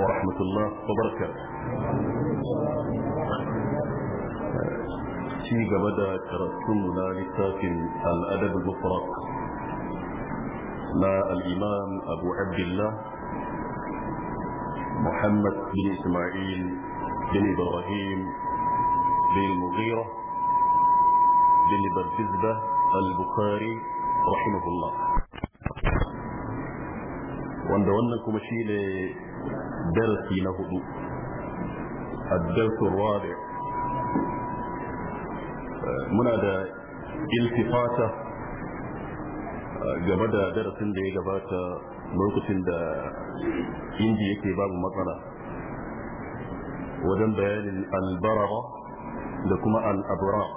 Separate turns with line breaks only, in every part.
ورحمة الله وبركاته في جبدة ترسمنا لساكن الأدب المفرق مع الإمام أبو عبد الله محمد بن إسماعيل بن إبراهيم بن المغيرة بن برجزبة البخاري رحمه الله وندونكم شيء درسي الدرس الرابع منى التفاته جبدا درس اللي جبدا موقف ان عندي باب مطلع ودم بيان البرره لكما الابرار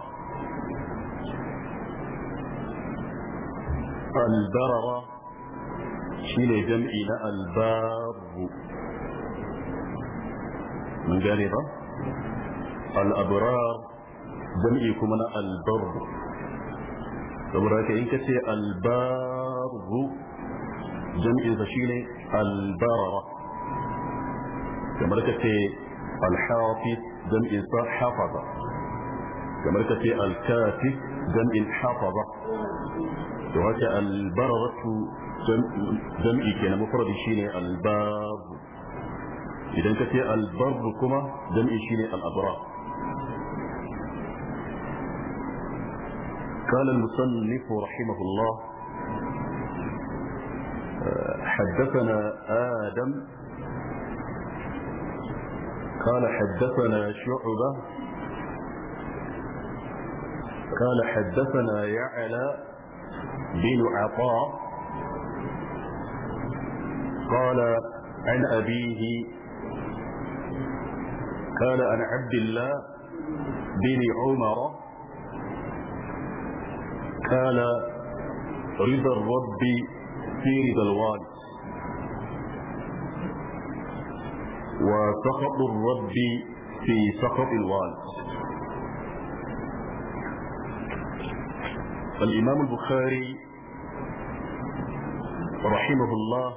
البرره شيل جمعنا الباب من جانب الأبرار جمعيكم من البر وبرك إن كثير البار جمع الزشيلة البررة كمركة الحافظ جمع الحافظة كمركة الكاتب جمع الحافظة وهكذا البررة جمع كان مفرد الشيلة البار idan ka ce albarru kuma jam'i shine al'abra قال المصنف رحمه الله حدثنا آدم قال حدثنا شعبة قال حدثنا يعلى بن عطاء قال عن أبيه قال عن عبد الله بن عمر قال رضا الرب في رضا الوالد وسخط الرب في سخط الوالد الإمام البخاري رحمه الله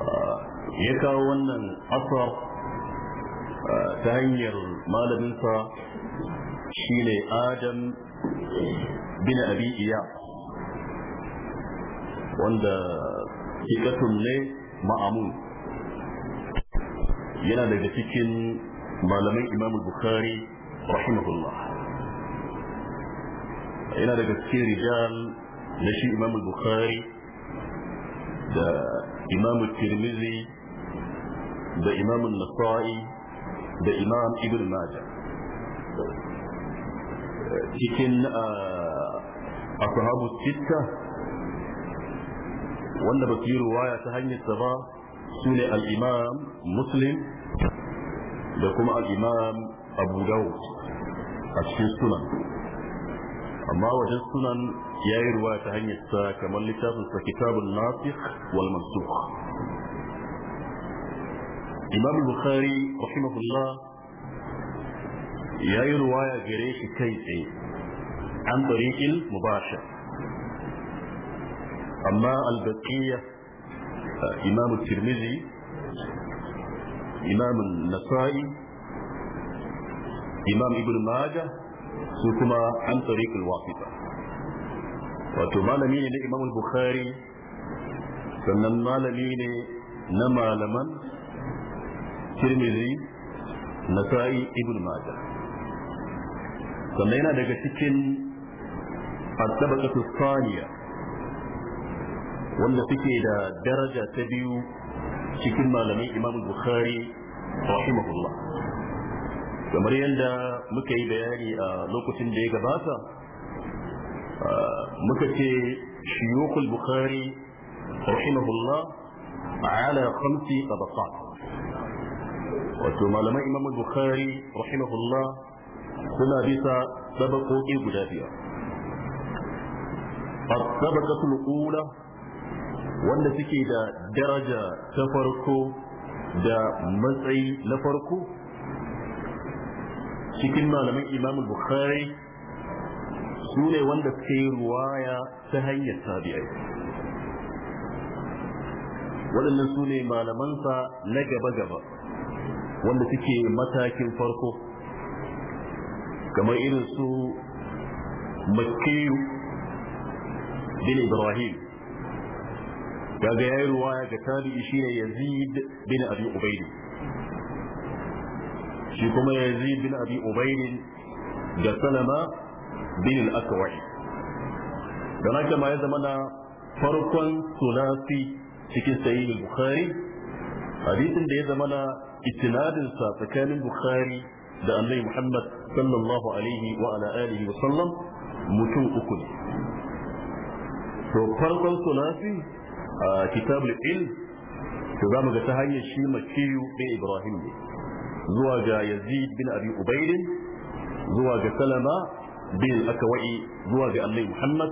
آه، يكاون أثر ta hanyar malaminsa shine adam bin abi iya wanda hikatun ne ma'amun yana daga cikin malamin imam bukhari rahimahullah yana daga cikin rijal na shi imam bukhari da imam tirmizi da imam nasa'i da imam ibn majah cikin uh, ashabu sitta wanda ba su yi ruwaya ta hanyar ba su ne al'imam muslim da kuma al'imam abu a cikin sunan amma wajen sunan ya yi ruwaya ta hanyar kamar littafin sa kitabun nasikh wal mansukh imam bukhari rahimahullah ya yi ruwaya gare shi kai tsaye an tariqil mubashir amma al-baqiyya imam tirmidhi imam nasai imam ibn majah su kuma an tariqil wasita wato malami ne na imam bukhari sannan malami ne na malaman tirmidhi nasa'i ibn majah sannan yana daga cikin at-tabaqatu thaniya wanda suke da daraja ta biyu cikin malamin imam bukhari rahimahullah kamar yadda muka yi bayani a lokacin da ya gabata muka ce shiyukul bukhari rahimahullah kamti a tabaqat wato malaman imam bukhari rahimahullah suna bisa sabakoki guda biyar الطبقة الأولى wanda suke da daraja ta farko da matsayi na farko cikin malaman imam bukhari su ne wanda suka yi ruwaya ta hanyar tabi'ai waɗannan su ne malamansa na gaba-gaba wanda suke matakin farko kamar irin su makiyu bin ibrahim daga ya yi ruwaya ga tabi'i shi ya yazid bin abi ubaidin shi kuma yazid bin abi ubaidin da salama bin al da na haka ma ya zama na farkon sulasi cikin sayi bukhari hadisin da ya zama na istinadinsa tsakanin bukhari da annabi muhammad sallallahu alaihi wa ala alihi wa sallam mutum uku ne to farkon sunafi a kitab ilm to za mu ga ta hanyar shi makiyu bin ibrahim ne zuwa ga yazid bin abi ubaid zuwa ga salama bin akawai zuwa ga annabi muhammad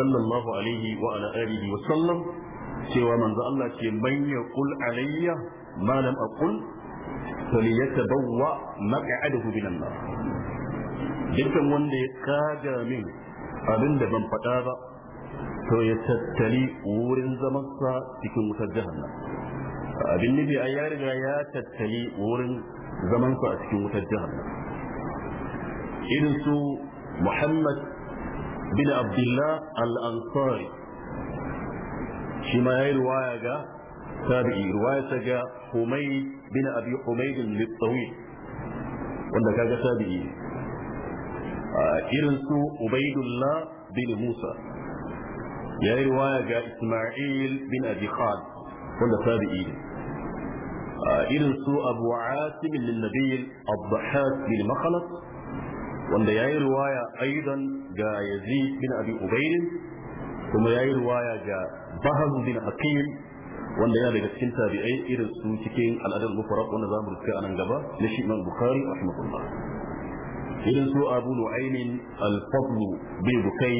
sallallahu alaihi wa ala alihi wa sallam cewa manzo Allah ce manya yaqul alayya ما لم أقل فليتبوأ مقعده من النار dukkan wanda ya kaga min abin da ban faɗa ba to ya tattali wurin zamansa cikin wutar jahannan abin nufi a ya riga ya tattali wurin zamansa a cikin wutar jahannan irin su muhammad bin abdullah al-ansari shi ma ya yi ruwaya ga تابعي رواية جاء حميد بن أبي حميد للطويل وانا كاجة تابعي إرنس آه، عبيد الله بن موسى يا رواية جاء إسماعيل بن أبي خالد وانا تابعي إرنس آه، أبو عاسم للنبي الضحاك بن مخلص وانا يا رواية أيضا جاء يزيد بن أبي عبيد ثم يا رواية جاء بهم بن حكيم wanda yana daga cikin tabi'ai irin su cikin al'adar mufarraq wanda zamu rubuta a nan gaba na shi Imam Bukhari rahimahullah irin su Abu Nu'aym al-Fadl bin Bukay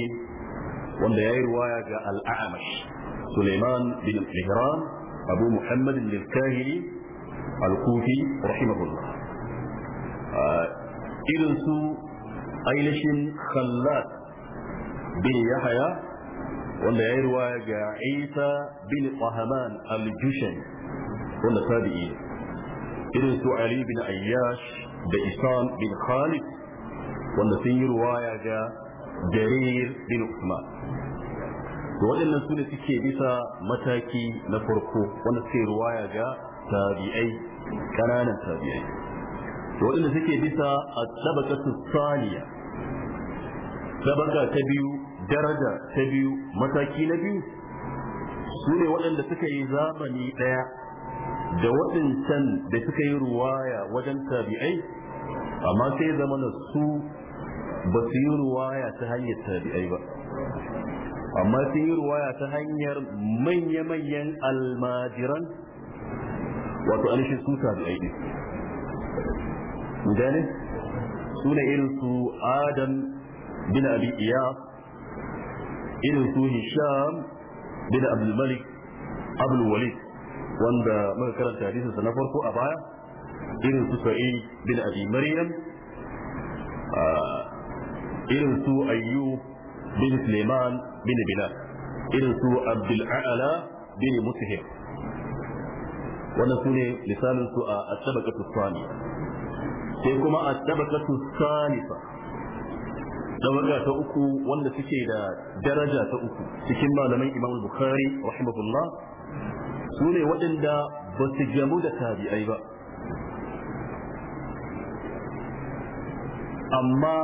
wanda yayi riwaya ga al-A'mash Sulaiman bin Mihran Abu Muhammad al-Kahili al-Kufi rahimahullah ah, irin su ailashin Khallat bin Yahya wanda ya yi ruwaya ga Isa bin Qahaman al-Jushani wanda tabi'i irin su Ali bin Ayyash da Isan bin Khalid wanda sun yi ruwaya ga Jarir bin Usman to waɗannan su ne suke bisa mataki na farko wanda suke ruwaya ga tabi'ai ƙananan tabi'ai to waɗanda suke bisa a tabakatu saniya tabaka ta biyu daraja ta biyu mataki na biyu su ne waɗanda suka yi zamani ɗaya da waɗancan da suka yi ruwaya wajen tabi'ai amma sai zama na su ba su yi ruwaya ta hanyar tabi'ai ba amma sun yi ruwaya ta hanyar manya-manyan almajiran wato alishin su tabi'ai ne gane su ne irin su adam bin abi iyas irin su hisham bin abdul malik abdul walid wanda muka karanta hadisin sa na farko a baya irin su sa'id bin abi maryam irin su ayyub bin suleiman bin bilal irin su abdul a'la bin mutahim wannan su ne misalin su a at-tabaqatu sai kuma at-tabaqatu salisa tawaga ta uku wanda suke da daraja ta uku cikin malaman imam bukhari rahimahullah su ne waɗanda ba su gamu da tabi'ai ba amma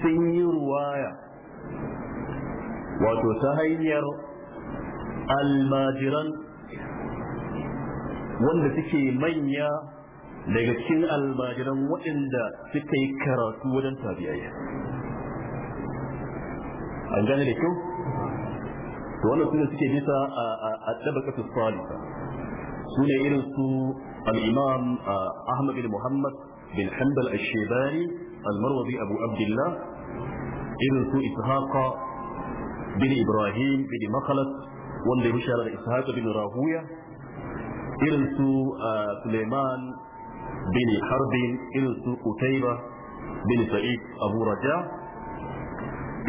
sun yi ruwaya wato ta hanyar almajiran wanda suke manya daga cikin almajiran waɗanda suka yi karatu wajen tabi'ai an gane da kyau to wannan sune suke bisa a tabaka su salisa su ne irin su al-imam ahmad bin muhammad bin hanbal ash-shaybani al-marwazi abu abdullah irin su ishaqa bin ibrahim bin makhalas wanda ya bishara da ishaqa bin rahuya irin su suleiman bin harbin irin su kutaiba bin sa'id aburaja raja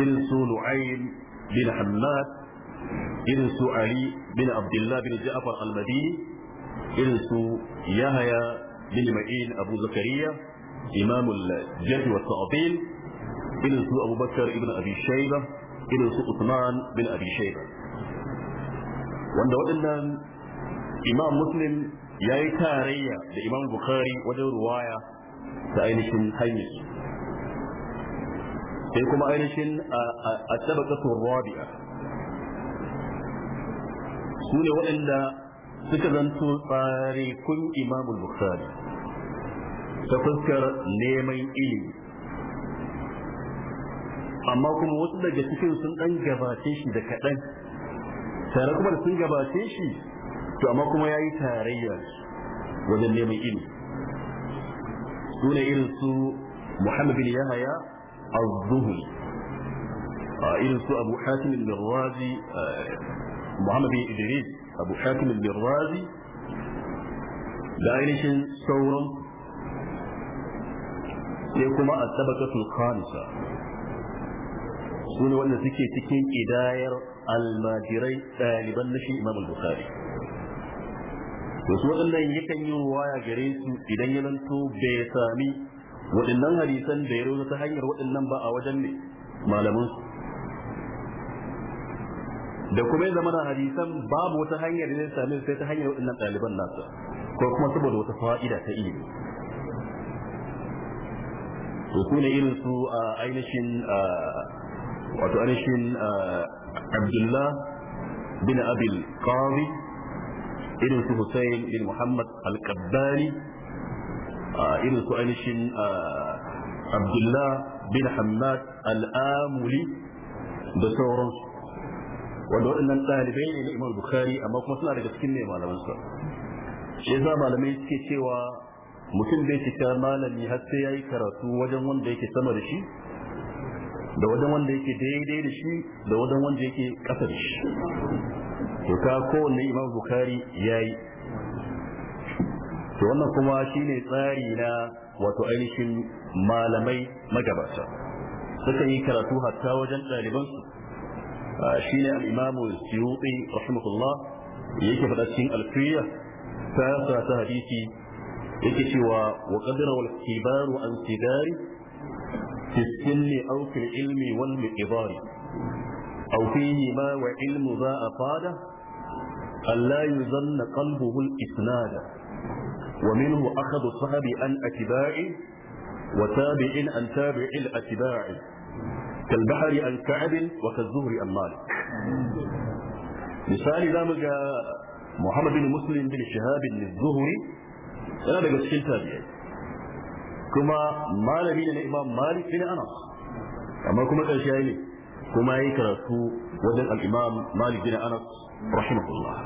irin su lu'ayn bin hannad irin su ali bin abdullah bin ja'far al-madini irin su yahaya bin ma'in abu zakariya imamul jahl wa ta'dil irin su abubakar ibn abi shayba irin su usman bin abi wanda waɗannan imam muslim ya yi tarayya da imam bukari wajen ruwaya da ainihin hanyar sai kuma ainihin a tabakatun rabi'a su ne waɗanda suka zanto tsare kun imamul bukhari ta fuskar neman ilimi amma kuma wasu daga cikin sun ɗan gabace shi da kaɗan tare kuma da sun gabace shi to amma kuma ya yi tarayya wajen neman su ne irin su muhammad bin yahaya az-zuhri irin su abu hatim al-razi muhammad bin idris abu hatim al-razi da ainihin sauran sai kuma a tabakatul khamisa su ne wanda suke cikin idayar almajirai ɗaliban na shi imam al-bukhari Wasu waɗannan waɗannan yakan yi waya gare su idan ya lanto bai sami waɗannan hadisan da ya rozo ta hanyar waɗannan ba a wajen ne malaman su da kuma ya zama da hadisan babu wata hanyar da ya sami sai ta hanyar waɗannan ɗaliban nasa ko kuma saboda wata fa'ida ta ilimi to su ne irin su a ainihin wato ainihin Abdullah bin Abil Qadi irin su Hussein bin Muhammad al-Qabbani irin su ainihin Abdullah bin Hamad al-Amuli da sauransu wanda waɗannan ɗalibai ne na Imam Bukhari amma kuma suna daga cikin ne malamansa shi yasa malamai suke cewa mutum bai cika malami har sai yayi karatu wajen wanda yake sama da shi da wajen wanda yake daidai da shi da wajen wanda yake ƙasa da shi to ka kowanne imam bukari ya yi to wannan kuma shine tsari na wato ainihin malamai magabata suka yi karatu hatta wajen ɗalibansu shine ne imamu suyuti rahimahullah yake faɗa cikin alfiya ta sa ta hadisi yake cewa wa qadara wal kibaru an sidari fi sinni aw ilmi wal miqdari aw fihi ma wa ilmu za afada أن لا يظن قلبه الإسناد ومنه أخذ الصحب عن أتباعي وتابع عن تابع الأتباع كالبحر عن كعب وكالزهر عن مالك مثال إذا مجا محمد بن مسلم بن شهاب للزهر أنا بقسل تابعي كما مال بين الإمام مالك بن أنس أما كما كان شايني كما يكرسو وجد الإمام مالك بن أنس رحمه الله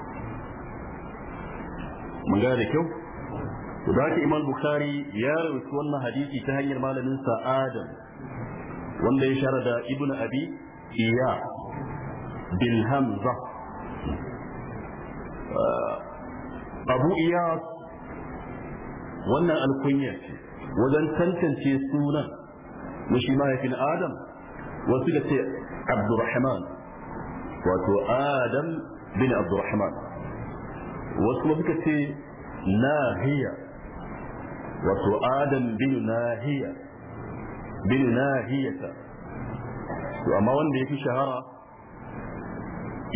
من ذلك وذلك إمام البخاري يروي سوالنا حديثي تهني المال ننسى آدم والذي شرد ابن أبي إياه بالهمزة أبو إياس وانا الكنية وذن تنتن في السونة مش ما يكن آدم وسيلة عبد الرحمن وتو آدم بن عبد الرحمن وصل بك تي ناهية وصل آدم بن ناهية بن ناهية وأما وندي في شهرة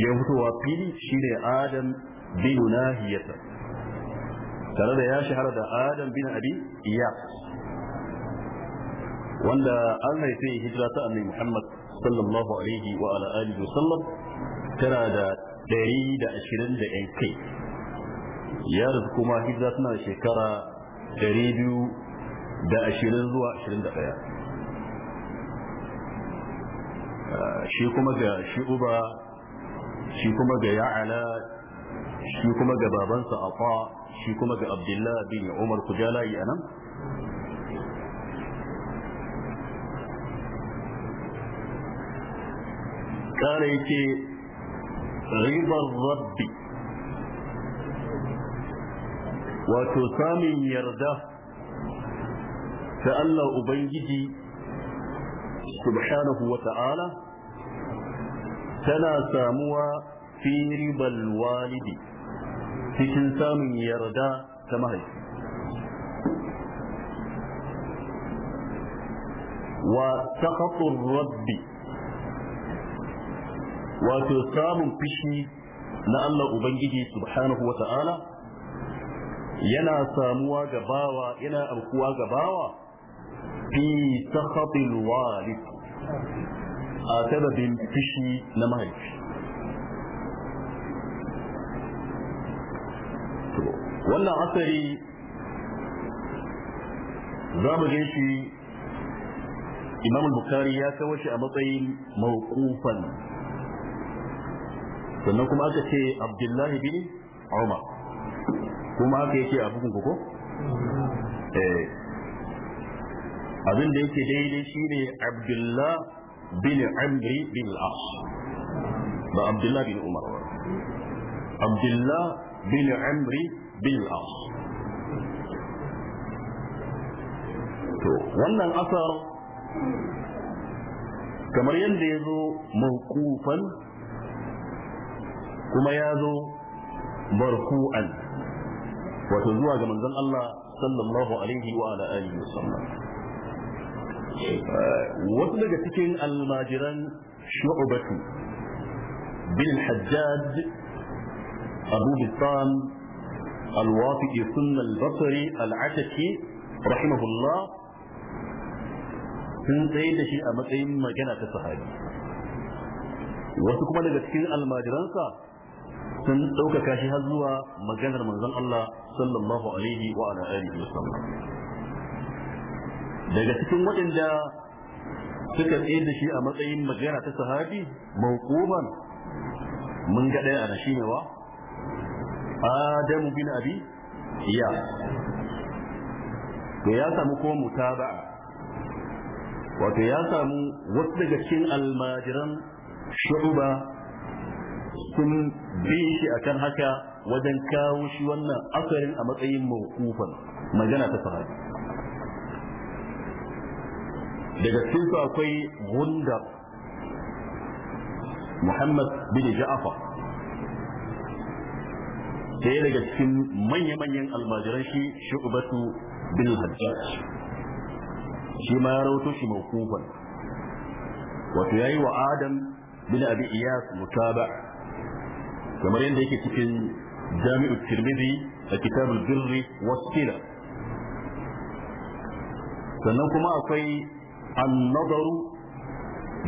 يوم هو بيلي شير آدم بن ناهية ترى يا شهرة آدم بن أبي إياس وأن الله في هجرة أمي محمد صلى الله عليه وعلى آله وسلم ترى ɗari da ashirin da ‘yan kai ya rasu kuma hijira suna shekara ɗari biyu da ashirin zuwa ashirin da ɗaya ah, shi kuma ga shi uba shi kuma ga ya'ala shi kuma ga babansa afa shi kuma ga abdullahi bin umar kujalayi a nan kare yake رضا الرب wato samun yarda ta Allah Ubangiji subhanahu wa ta'ala tana samuwa fi ribal walidi cikin samun yarda ta mahaifi wa taqatur rabbi wato samun fishi na Allah Ubangiji subhanahu wa ta'ala yana samuwa ga bawa yana aukuwa ga bawa fi sakhatil walid a sababin fishi na mahaifi wannan asari za mu gan shi imam bukhari ya kawo shi a matsayin mawqufan sannan kuma aka ce abdullahi bin umar kuma aka yake a bugun ko eh. abin da yake daidai shine abdullah bin amri bin al ba abdullah bin umar ba abdullah bin amri bin al to wannan asar kamar yadda ya zo mawkufan kuma ya zo barku'an wato zuwa ga manzon Allah sallallahu alaihi wa ala alihi wasu daga cikin almajiran shu'ubatu bin hajjaj abu bisan الوافي ثم البصري العتكي رحمه sun tsaye da shi a matsayin magana ta sahabi wasu kuma daga cikin almajiransa sun ɗaukaka shi har zuwa maganar manzon Allah sallallahu alaihi wa ala alihi wasallam daga cikin waɗanda suka tsaye da shi a matsayin magana ta sahabi mawquban mun ga ɗaya ana ne wa Adamu, bin Abi ya to ya samu ko mutaba'a wato ya samu wasu daga cikin almajiran shu'ba sun bi shi akan haka wajen kawo shi wannan asarin a matsayin mawqufan magana ta sahabi daga cikin su akwai gundar Muhammad bin Ja'far ɗaya daga cikin manya-manyan almajiran shi shubatu bin hajjaj shi ma ya rauto shi mawqufan wato ya yi wa Adam bin Abi Iyas mutaba' kamar yadda yake cikin jami'u tirmidhi a kitabu birri wasila sannan kuma akwai annadaru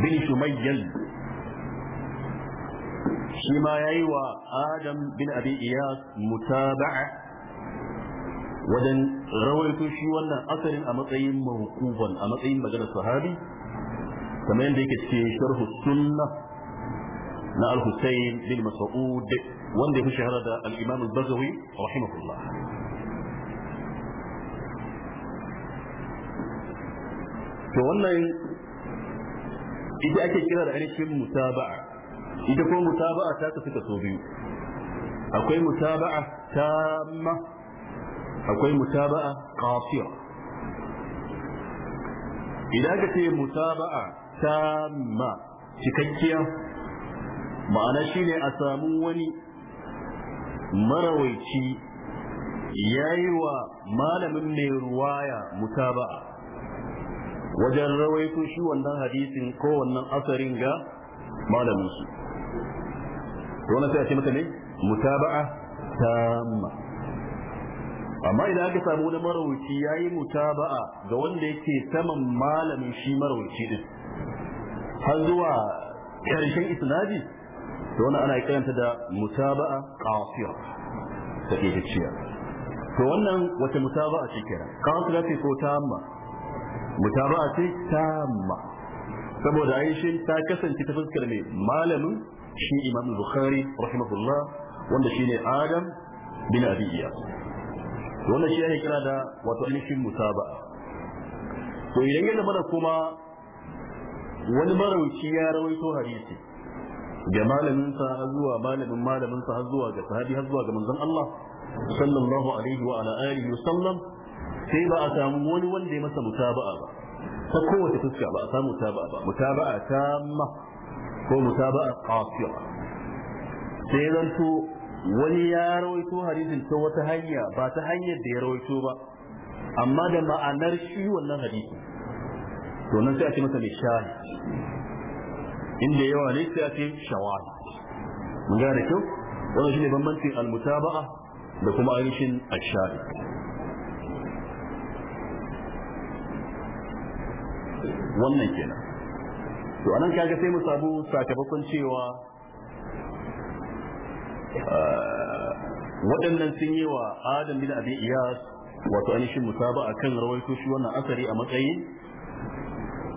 bin shumayyal shi ma yayi wa adam bin abi iyas mutaba'a wajen rawaito shi wannan asalin a matsayin mawquban a matsayin maganar sahabi kamar yadda yake cikin sharhu sunnah na al-Hussein bin Mas'ud wanda ya fi shahara da al-Imam al-Bazawi rahimahullah to wannan ita ake kira da ainihin mutaba'a ita ko mutaba'a ta tafi kaso biyu akwai mutaba'a tamma akwai mutaba'a qasira idan ka ce mutaba'a tamma cikakkiya ma'ana shi ne a samu wani marawaici ya yi wa malamin mai ruwaya mutaba'a wajen rawaito shi wannan hadisin ko wannan asarin ga malamin su wannan sai a ce mata ne mutaba'a tamma amma idan aka samu wani marawaici ya yi mutaba'a ga wanda yake saman malamin shi marawaici din har zuwa karshen isnadi to wani ana kiranta da mutaba'a qasira take ciya to wannan wata mutaba'a ce kira qasira ce ko tamma mutaba'a ce tamma saboda Aisha ta kasance ta fuskar mai malamin shi Imam Bukhari rahimahullah wanda shi ne Adam bin Abi wannan shi ake kira da wato ainihin mutaba'a to idan ya zama da kuma wani marauci ya rawaito hadisi ga malamin sa har zuwa malamin malamin sa har zuwa ga sahabi har zuwa ga manzon Allah sallallahu alaihi wa ala alihi wa sallam sai ba a samu wani wanda ya masa mutaba'a ba ta kowace fuska ba a samu mutaba'a ba mutaba'a tamma ko mutaba'a qasira sai zanto wani ya rawaito hadisin ta wata hanya ba ta hanyar da ya rawaito ba amma da ma'anar shi wannan hadisi to nan sai a ce masa mai shahid inda yawa ne sai a ce shawal mun gane da kyau wannan shine bambancin almutaba'a da kuma ainihin ashari wannan kenan to anan kaga sai mu sabu sakamakon cewa eh, waɗannan sun yi wa adam bin abi iyas wato ainihin mutaba'a kan rawaito shi wannan asari a matsayin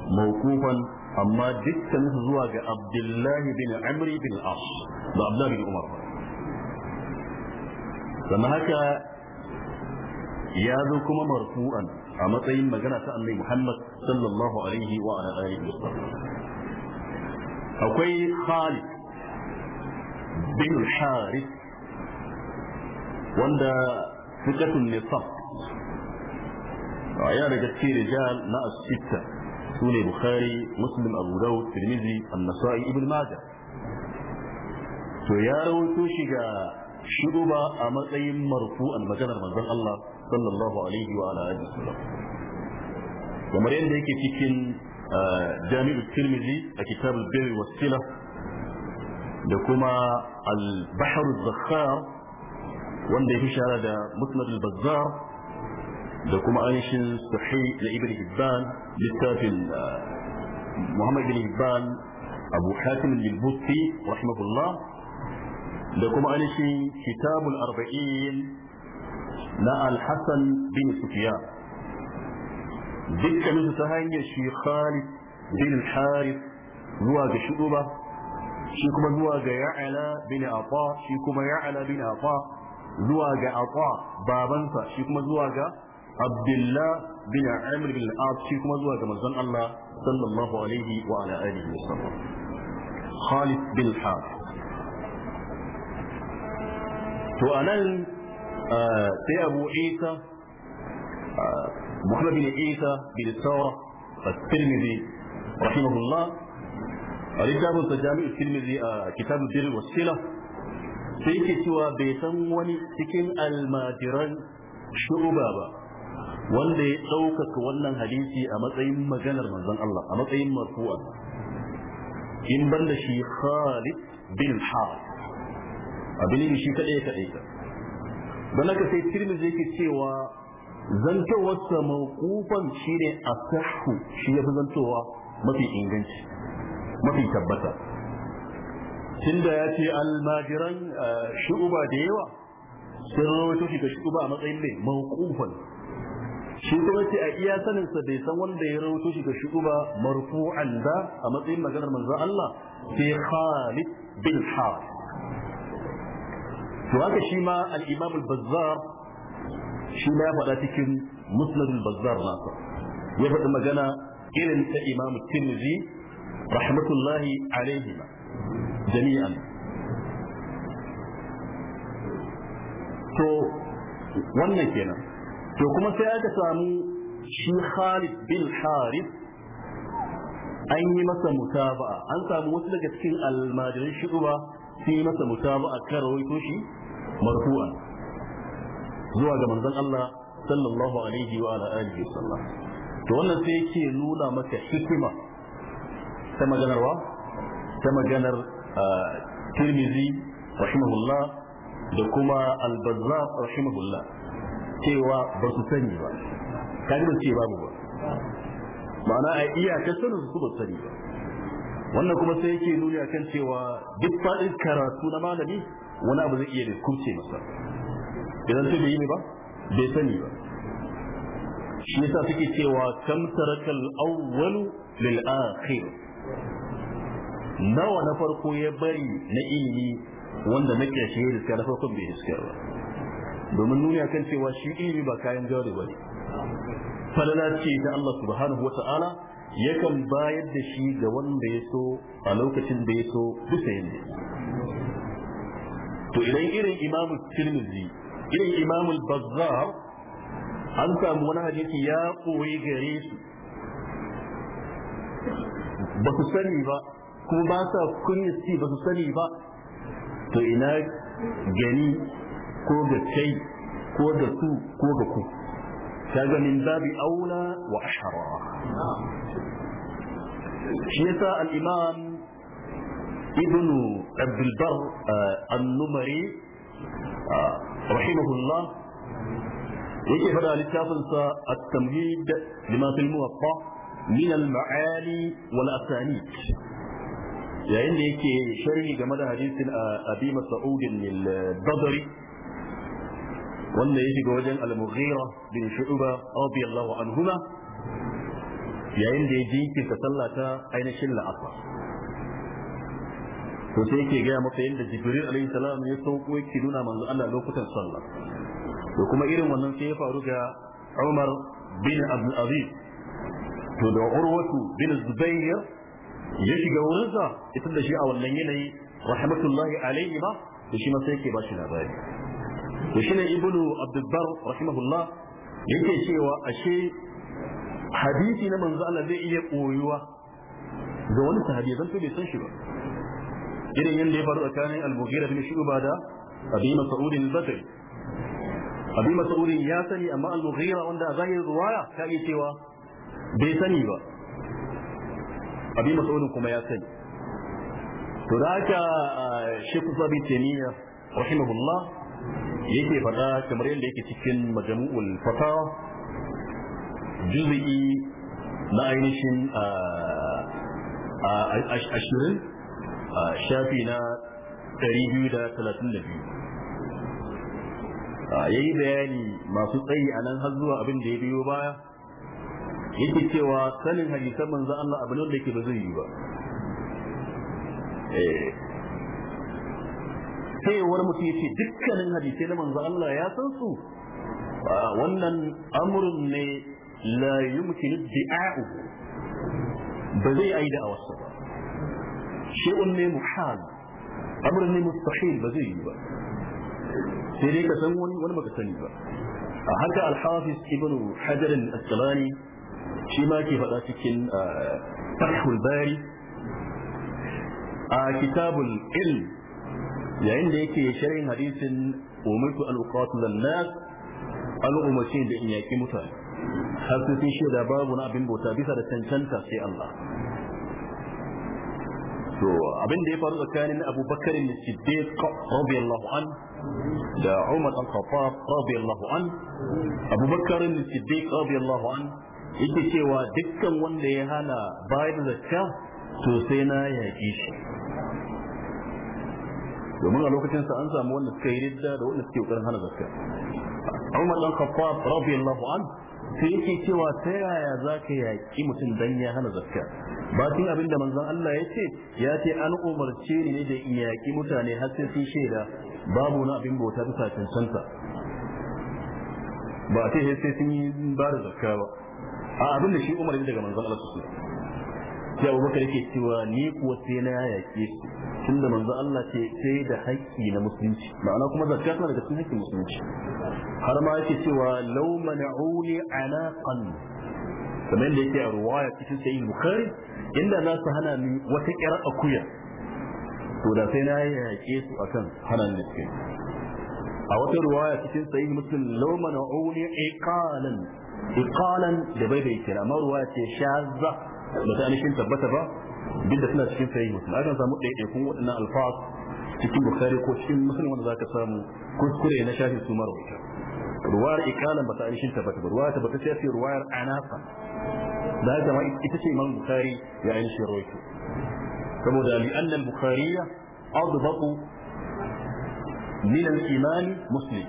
موقوفا اما جدا زواج عبد الله بن عمرو بن العاص عبد الله بن عمر كما هكا يازو كما مرفوعا اما تين مجانا تأمي محمد صلى الله عليه وعلى آله وسلم أكوي خالد بن الحارث وندا فكة النصاب ويا رجال رجال ناس سته sune bukhari muslim abu dawud tirmidhi an-nasa'i ibn majah to ya rawaito shi ga shuba a matsayin marfu'an maganar manzon Allah sallallahu alaihi wa alihi wasallam kamar yadda yake cikin jami'u tirmidhi a kitab al-bir sila da kuma al-bahr az-zakhar wanda ya fi shara da musnad al-bazzar da kuma ainihin sahih da ibn hibban littafin Muhammad bin Hibban Abu Hatim al-Busti da kuma ainihin kitabul arba'in na al bin Sufyan dukkanin su ta hanyar shi Khalid bin Harith zuwa ga shuba shi kuma zuwa ga Ya'ala bin Afa shi kuma Ya'ala bin Afa zuwa ga babansa shi kuma zuwa ga بن عامر بن العاص في كما زوا كما زن الله صلى الله عليه وعلى آله وصحبه خالد بن الحارث تو أنا سي أبو عيسى محمد بن عيسى بن الثورة الترمذي رحمه الله رجاب التجامع الترمذي كتاب البر والصلة سيكتوا بيتا وني سكن المادران شعبابا wanda ya ɗaukaka wannan hadisi a matsayin maganar manzon Allah a matsayin marfu'a in ban da shi Khalid bin Harith abin shi kaɗai kaɗai ka. dan haka sai Tirmidhi yake cewa zantowarsa mawqufan shine asahhu shi yafi zantowa mafi inganci mafi tabbata tunda ya ce almajiran eh, shu'uba da yawa sun rawaito shi ga shu'uba a matsayin ne mawqufan shi kuma ce a iya sanin sa bai san wanda ya rawato shi ga shugu ba marfu'an da a matsayin maganar manzon Allah sai Khalid bin to haka shi ma al-Imam al-Bazzar shi ma ya faɗa cikin Muslim al-Bazzar nasa ya faɗi magana irin ta Imam Tirmidhi rahmatullahi alaihi jami'an to wannan kenan to kuma sai aka samu shi Khalid bin Harith an yi masa mutaba an samu wasu daga cikin almajirin shi'uba sun yi masa mutaba'a kan rawaito shi marfu'an zuwa ga manzon Allah sallallahu alaihi wa ala alihi sallam to wannan sai yake nuna maka hikima ta maganarwa ta maganar ah, Tirmizi rahimahullah da kuma Al-Bazzar rahimahullah cewa ba su sani ba kaji ba ce babu ba ma'ana a iyakar sanin su ba sani ba wannan kuma sai yake nuni akan cewa duk faɗin karatu na malami wani abu zai iya da kurce masa idan sai bai yi ba bai sani ba shi yasa suke cewa kam tarakal awwalu lil akhir nawa na farko ya bari na ilimi wanda na ƙarshe da na farkon bai iskar ba domin nuni akan cewa shi ilimi ba kayan jari ba ne falala ce ta Allah subhanahu wa ta'ala yakan bayar da shi ga wanda ya so a lokacin da ya so bisa yanzu. to idan irin imamu tirmidhi irin imamu bazzar an samu wani hadisi ya koyi gare su ba su sani ba kuma ba sa kunya ba su sani ba to ina gani ko ga kai ko ga su ko ga ku kaga min babi aula wa ashara ابن عبد البر النمري رحمه الله يكفى لكافنسا التمهيد لما في الموقع من المعاني والاسانيد يعني كي شرعي جمال حديث ابي مسعود البدري wanda ya shiga wajen al-mughira bin shu'ba radiyallahu anhuma yayin da ya ji kinta sallah ta ainihin la'asar to sai yake gaya masa yadda jibril alaihi salam ya sauko yake nuna manzo Allah lokutan sallah to kuma irin wannan sai ya faru ga Umar bin Abdul Aziz to da Urwatu bin Zubair ya shiga wurinsa ita da shi a wannan yanayi rahmatullahi alaihi ba to shi ma sai yake ba shi labari to shine ibnu abdulbar rahimahullah yake cewa ashe hadisi na manzo Allah zai iya koyuwa ga wani sahabi zan to bai san shi ba irin yanda ya faru tsakanin al-mughira bin shu'ba da abi mas'ud al-badri abi mas'ud ya sani amma al-mughira wanda zahir ruwaya ta yi cewa bai sani ba abi mas'ud kuma ya sani to da haka shi kusa bi taymiya rahimahullah yake faɗa kamar yadda yake cikin majamu'ul fatawa juz'i na ainihin ashirin shafi na da talatin 232 ya yi bayani masu tsayi a nan har zuwa abin da ya biyo baya yake cewa sanin hadisan manzo Allah abin da yake ba zai yi ba eh, sai mutum yace dukkanin hadisai na manzo Allah ya san su wannan amrun ne la yumkinu bi'a'u ba zai ayi da wasu ba shi'un ne muhal amrun ne mustahil ba zai yi ba sai dai ka san wani wani baka sani ba a haka al-hafiz ibn hajar al-asqalani shi ma ke faɗa cikin fathul bari a kitabul ilm yayin da yake sharhin hadisin umirtu an uqatil nas an umarci da in yaki mutane har sai sun shaida babu na abin bauta bisa da cancanta sai Allah to abin da ya faru tsakanin Abu Bakar da Siddiq radiyallahu an da Umar al-Khattab radiyallahu an Abu Bakar da Siddiq radiyallahu an yake cewa dukkan wanda ya hana bayar da zakka to sai na yaki shi domin a lokacin sa an samu wanda suka yi ridda da wanda suke kokarin hana zakka Umar dan Khattab radiyallahu an sai yake cewa ta yaya zaka yaki mutum dan ya hana zakka bakin abin da manzon Allah ya ce ya ce an umarce ni da in yaki mutane har sai sun shaida babu na abin bauta ta sakin santa ba a ce sai sun yi ba da zakka ba a abin da shi Umar ne daga manzon Allah su Abu Abubakar yake cewa ni kuwa sai na yaƙi. su tunda manzo Allah ce sai da haƙƙi na musulunci ma'ana kuma zakka tana daga cikin haƙƙin musulunci har ma yake cewa law mana'uni alaqan kamar da yake a ruwaya cikin sayyid bukhari inda za su hana ni wata ƙyar akuya to da sai na yi yaƙe su akan hana ni a wata ruwaya cikin sayyid muslim law mana'uni iqalan iqalan da bai bai kira ma ruwaya ce shazza ba ta anishin tabbata ba duk da suna cikin sayi musulun akan samu ɗaiɗaikun waɗannan alfaz cikin bukari ko cikin musulun wanda za ka samu kuskure na shafi su marawata ruwayar ikalan ba ta ainihin tabbata ba ruwayar tabbata sai sai ruwayar anasa da haka ma ita ce man bukari ya ainihin rawaito saboda li'an al-bukhariya adbaqu min al-iman muslim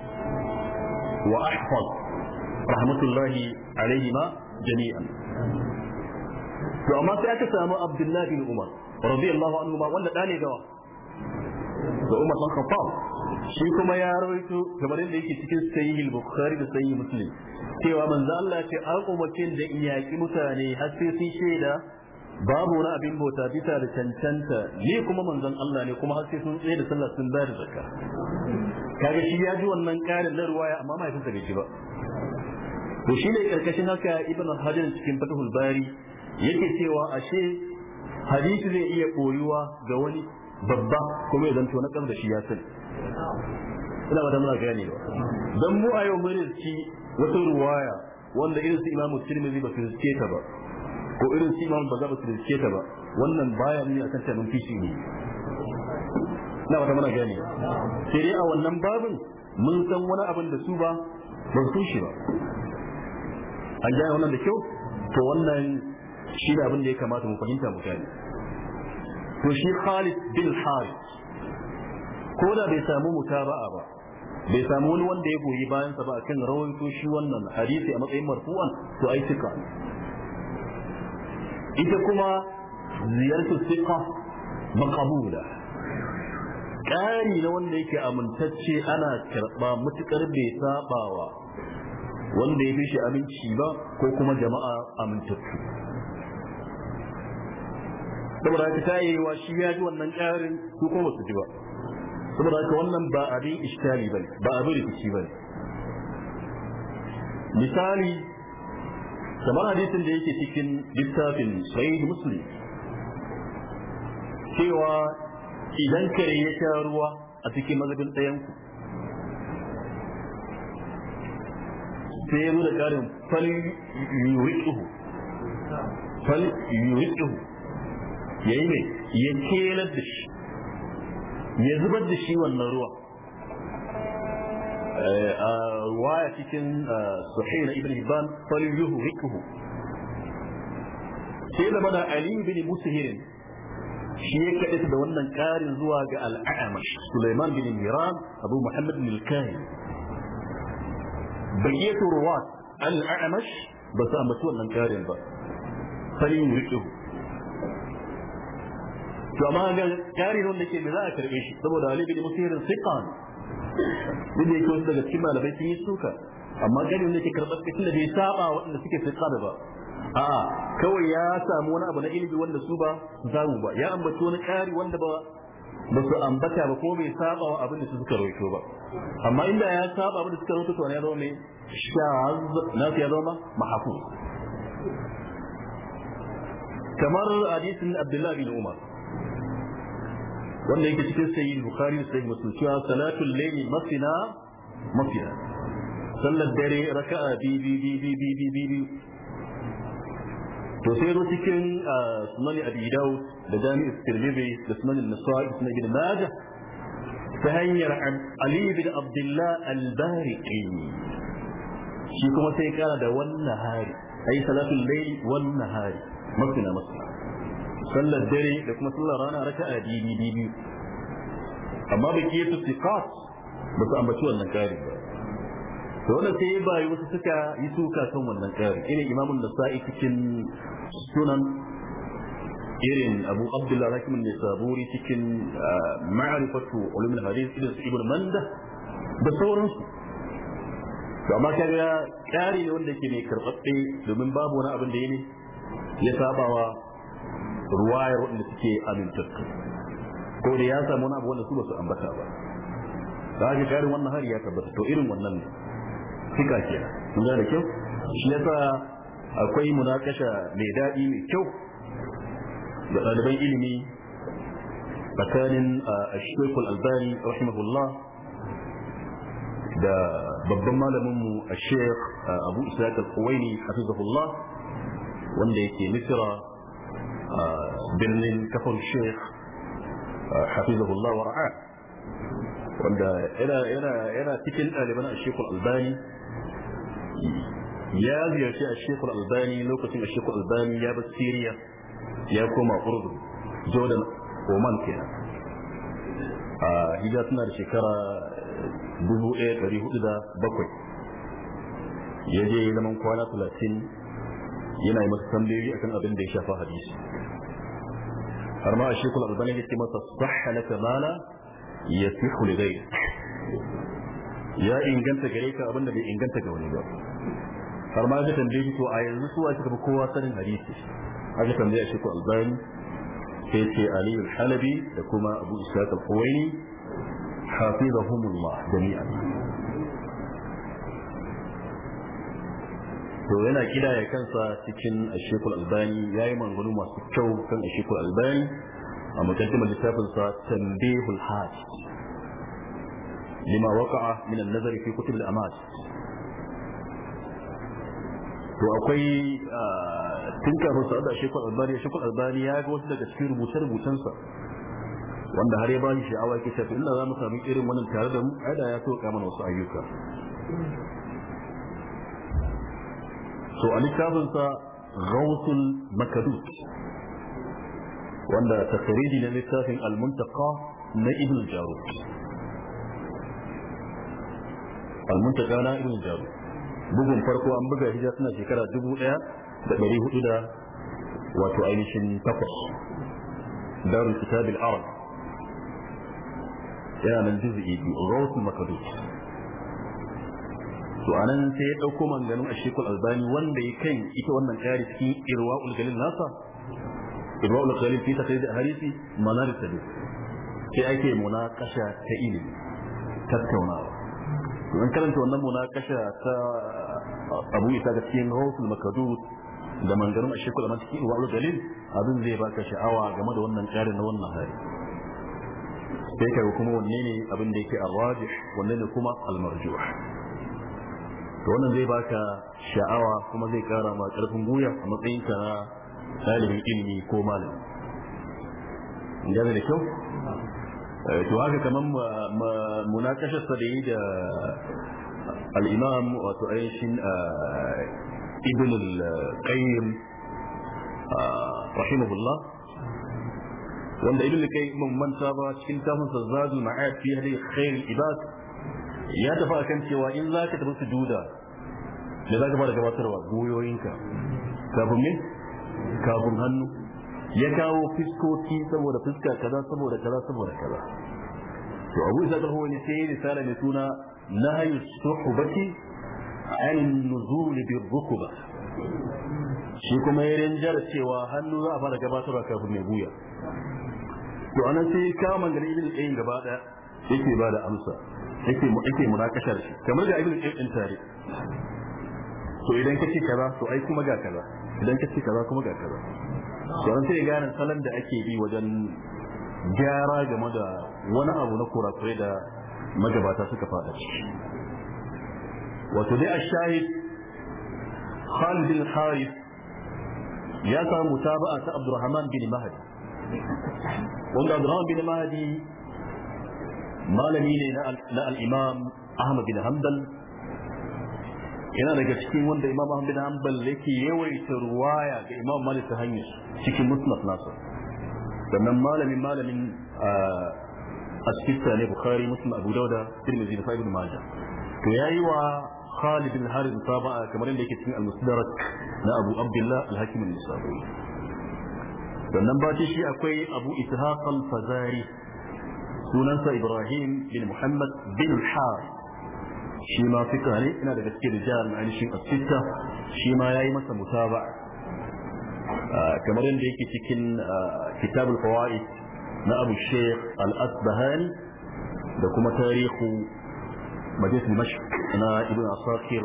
wa ahfaz rahmatullahi alaihima jami'an to amma sai aka samu abdullahi bin umar radiyallahu anhu ma wanda dane gawa da umar bin khattab shi kuma ya rawaito kamar yadda yake cikin sahih bukhari da sahih muslim cewa manzo Allah ce an umarcin da iyaki mutane har sai sun shaida babu wani abin bauta bisa da cancanta ni kuma manzon Allah ne kuma har sai sun tsaye da sallah sun bayar zakka kaga shi ya ji wannan karin na ruwaya amma mahaifinsa bai ji ba to shi ne karkashin haka ibn hajar cikin fatahul bari yake cewa ashe hadisi zai iya koyuwa ga wani babba kuma ya zanto na kan da shi ya sani ina ba da muna gane ba dan mu a yau mun riski wata ruwaya wanda irin su imamu tirmidhi ba su riske ta ba ko irin su imamu baza ba su riske ta ba wannan baya ne akan ta mun fishi ne ina ba da muna gane sai dai a wannan babin mun san wani abin da su ba ba su shi ba an gane wannan da kyau to wannan shi da abin da ya kamata mu fahimta mu gani to shi Khalid bin Harith ko da bai samu mutaba'a ba bai samu wani wanda ya goyi bayan sa ba akan rawar shi wannan hadisi a matsayin marfu'an to ai ita kuma ziyartu tika maqbula ƙari na wanda yake amintacce ana karɓa matukar bai sabawa wanda ya fi shi aminci ba ko kuma jama'a amintattu saboda haka ta yi wa shi ya ji wannan ƙarin ko kuma su ji ba saboda haka wannan ba abin iskali bane ba abin rikici bane misali kamar hadisin da yake cikin littafin sahih muslim cewa idan kare ya sha ruwa a cikin mazabin ɗayanku sai ya zo da ƙarin fal yuriquhu fal yuriquhu yayi ne ya kelar da shi ya zubar da shi wannan ruwan eh, a waya cikin eh, sahih na ibn hibban falyuhu hikhu sai da mana ali ibn musihirin shi ya kaɗe da wannan ƙarin zuwa ga al'amash Suleiman bin Miran Abu Muhammad bin Kahin bayyatu ruwat al'amash ba su ambaci wannan ƙarin ba sai yi riƙe to amma ga jari ne wanda ke da za a karbe shi saboda Ali bin Musirin siqan duk da yake wasu daga cikin malamai sun yi suka amma gari wanda ke karɓar kashi da bai saba waɗanda suke siqan ba a'a kawai ya samu wani abu na ilimi wanda su ba zamu ba ya ambaci wani ƙari wanda ba ba su ambata ba ko bai saba wa abin da su suka rawaito ba amma inda ya saba abin da suka rawaito to ne ya zama mai shaz nasu ya zama mahfuz kamar hadisin Abdullah bin Umar wanda yake cikin sayi bukhari da sayi muslim cewa salatul layli masina masina sallar dare raka'a bi bi bi bi bi bi bi bi to sai zo cikin sunan abi daud da jami'u tirmidhi da sunan an-nasa'i da ibn majah ta hanyar ali bin abdullah al-bahriqi shi kuma sai kara da wannan hari ai salatul layli wannan hari masina masina sallar dare da kuma sallar rana a biyu biyu amma ba ke su siqat ba su ambaci wannan ƙari ba to wannan sai ya bayi wasu suka yi suka kan wannan ƙari Ina imamun da sa'i cikin sunan irin abu abdullah hakim ne saburi cikin ah, ma'arifatu ulumul hadith irin ibn manda da sauransu to amma kaga ƙari ne wanda yake mai karɓaɓɓe domin babu wani abin da ya ne ya sabawa ruwayar wanda suke amintattu ko da ya samu wani abu wanda su ba su ambata ba da haka karin wannan hari ya tabbata to irin wannan ne fika ke mun da kyau shi yasa akwai munakasha mai daɗi mai kyau Ga ɗaliban ilimi tsakanin ashekul albani rahimahullah da babban malaminmu a sheikh abu isa al-kuwaini hafizahullah wanda yake misira بنين كفر الشيخ آه، حفظه الله ورعاه وعند انا انا انا تكل لبناء الشيخ الألباني يا زيارتي الشيخ الألباني لو كنت الشيخ الألباني يا بسيريا يا كوما أردن جودا ومن كنا آه، هجاتنا لشكرا بوهو إيه بريهو إذا بكوي يجي لمن كوانا ثلاثين yana yi masa tambayoyi akan abin da ya shafa hadisi har ma shi kula albani ya ce masa sahha laka mala ya fi ghayr ya inganta gare ka abin da bai inganta ga wani ba har ma ya tambaye shi to a yanzu su ake kafa kowa sanin hadisi aka tambaye shi ko albani sai ce ali al-halabi da kuma abu ishaq al-huwaini hafizahumullah jami'an to yana kidaya kansa cikin ashekul albani ya yi manganu masu kyau kan ashekul albani a mukaddimar littafinsa tambihul hajj lima waqa'a min an-nazari fi kutub al-amal to akwai tun kafin sa da shekul albani shekul albani ya ga wasu daga cikin rubutun rubutansa wanda har ya ba shi sha'awa yake cewa inda za mu samu irin wannan tare da mu ai ya so ka mana wasu ayyuka to a littafinsa gausul makadut wanda takaridi na littafin almuntaka na ibn jarud almuntaka na ibn jarud bugun farko an buga hijira suna shekara dubu daya da dari hudu da wato ainihin takwas darul kitab al-arab yana nan juz'i biyu gausul makadut to anan sai ya dauko manganin ashekul albani wanda ya kai ita wannan ƙari cikin irwaul galil nasa irwaul galil fi takai da harisi manar tabi sai ake munakasha ta ilimi tattaunawa to an karanta wannan munakasha ta abu isa da cikin rawsul makadud da manganin ashekul amma cikin irwaul galil abin zai baka sha'awa game da wannan karin na wannan hari sai kai kuma wanne ne abin da yake arrajih wanne ne kuma almarjuh to wannan zai baka sha'awa kuma zai kara ma karfin gwiwa a matsayin ka na ɗalibin ilimi ko malami gane da kyau to haka kamar munakashar sa da yi da al-imam wato ainihin ibn al-qayyim rahimahullah wanda ibn al-qayyim mun manta ba cikin tafsirin sa zadu ma'ad fi hadi khair ibad ya tafi kan cewa in za ka tafi sujuda da za ka fara gabatarwa goyoyinka kafin me kafin hannu ya kawo fiskoki saboda fuska kaza saboda kaza saboda kaza to abu isa ta wani sai risala mai suna na nahyu suhbati an nuzul bi rukba shi kuma ya rinjar cewa hannu za a fara gabatarwa kafin mai buya to anan sai kama gari ibn qayyim gaba daya yake ba da amsa yake mu yake munakashar shi kamar da ibn ibn tare to idan kace kaza to ai kuma ga kaza idan kace kaza kuma ga kaza yaron sai gane salon da ake bi wajen gyara game da wani abu na kurakurai da magabata suka fada shi wato dai a shahid Khalid bin Harith ya samu mutaba'a ta Abdurrahman bin Mahdi wanda Abdurrahman bin Mahdi malami ne na al'imam Ahmad bin Hanbal yana daga cikin wanda imam Ahmad bin Hanbal yake yawaita ruwaya ga imam Malik ta hanyar cikin musnad nasa sannan malamin malamin a cikin ne Bukhari Muslim Abu Dauda Tirmidhi da Ibn Maja. to ya yi wa Khalid bin Harith musaba'a kamar yadda yake cikin al-Musdarak na Abu Abdullah al-Hakim al-Musabi sannan ba shi akwai Abu Ishaq al-Fazari sunansa Ibrahim bin Muhammad bin Harith shi ma fika ne ina da gaske da jihar ainihin asita shi ma ya yi masa mutaba kamar yadda yake cikin kitabul fawaid na abu sheikh al-asbahani da kuma tarihu majlis dimashq na ibn asakir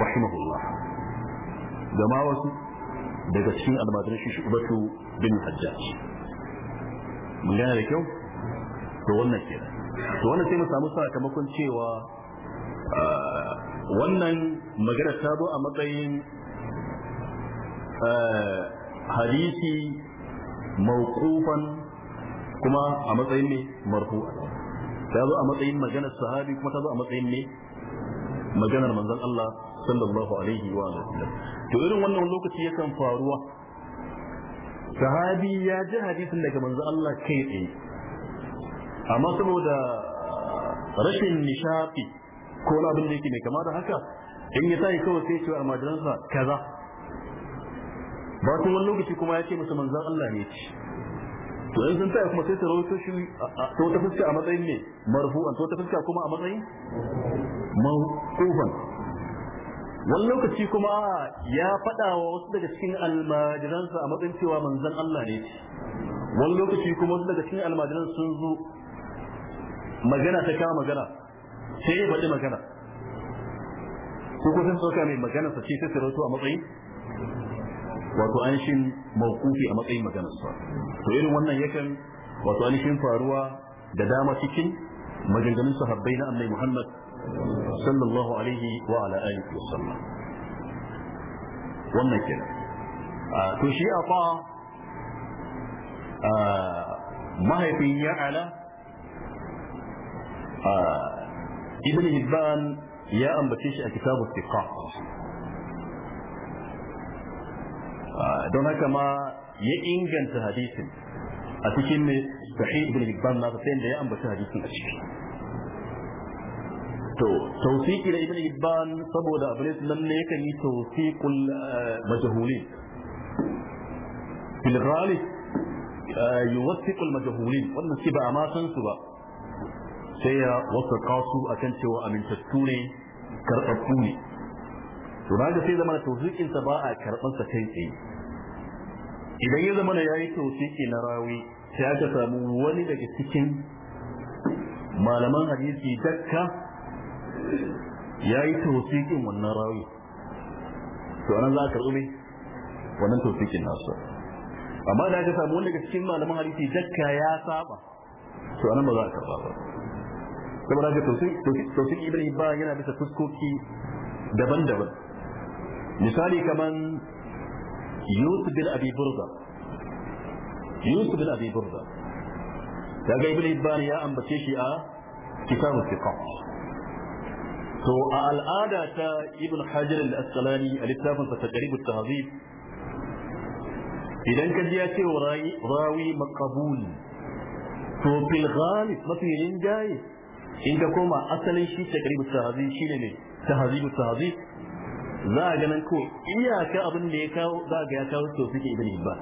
rahimahullah da ma wasu daga cikin almadirin shi ubatu bin hajjaj mun gane da kyau to wannan ke to wannan sai mu samu sakamakon cewa ah, wannan magana ta zo a matsayin ah, hadisi mawqufan kuma a matsayin ne marfu ta zo a matsayin magana sahabi kuma ta zo a matsayin ne maganar manzon Allah sallallahu alaihi wa sallam to irin wannan lokaci yakan faruwa sahabi ya ji hadisin daga manzon Allah kai tsaye amma saboda rashin nishafi ko wani abin da yake mai kama da haka in ya tayi kawai sai cewa almajiransa kaza ba tun wani lokaci kuma ya ce musu manzan Allah ne ci to in sun taya kuma sai ta rawaito shi ta wata fuska a matsayin ne marfu'an ta wata fuska kuma a matsayin mawqufan wani lokaci kuma ya faɗa wa wasu daga cikin almajiransa a matsayin cewa manzan Allah ne wani lokaci kuma wasu daga cikin almajiransa sun zo magana ta kama magana sai ya faɗi magana ko ko sun tsoka mai magana sa ce ta sarautu a matsayin wato an shin mawkufi a matsayin magana sa to irin wannan yakan wato an shin faruwa da dama cikin maganganun sahabbai na annabi Muhammad sallallahu alaihi wa ala alihi wa sallam wannan kenan to shi afa mahaifin ala. ibn hibban ya ambace shi a kitabu tiqa don haka ma ya inganta hadisin a cikin ne sahih ibn hibban na sai da ya ambace hadisin a ciki to tawfiqi da ibn hibban saboda abu ne nan ne yakan yi tawfiqul majhulin fil ghalib yuwaffiqul majhulin wannan shi ba a ma san su ba sai ya wasu kasu a kan cewa amintattu ne karɓaɓɓu ne to na ga sai zama tawfiqin sa ba a karɓar sa kai tsaye idan ya zama ya yi tawfiqi na rawi sai aka samu wani daga cikin malaman hadisi dakka ya yi tawfiqin wannan rawi to anan za a karɓi ne wannan tawfiqin nasu amma da aka samu wani daga cikin malaman hadisi dakka ya saba to anan ba za a karɓa ba saboda ga tausiq ibn hibban yana bisa fuskoki daban-daban misali kaman yusuf bin abi burda yusuf bin abi burda daga ibn hibban ya ambace shi a kitabu siqat to a al'ada ta ibn hajar al-asqalani a littafin sa taqrib at-tahzib idan ka ji ya ce rawi maqbul to fil ghalib mafi rinjaye in ka koma asalin shi ta karibu sahazi shi ne sahazibu sahazi za a ganin ko iyaka abin da ya kawo za ga ya kawo to suke ibn hibba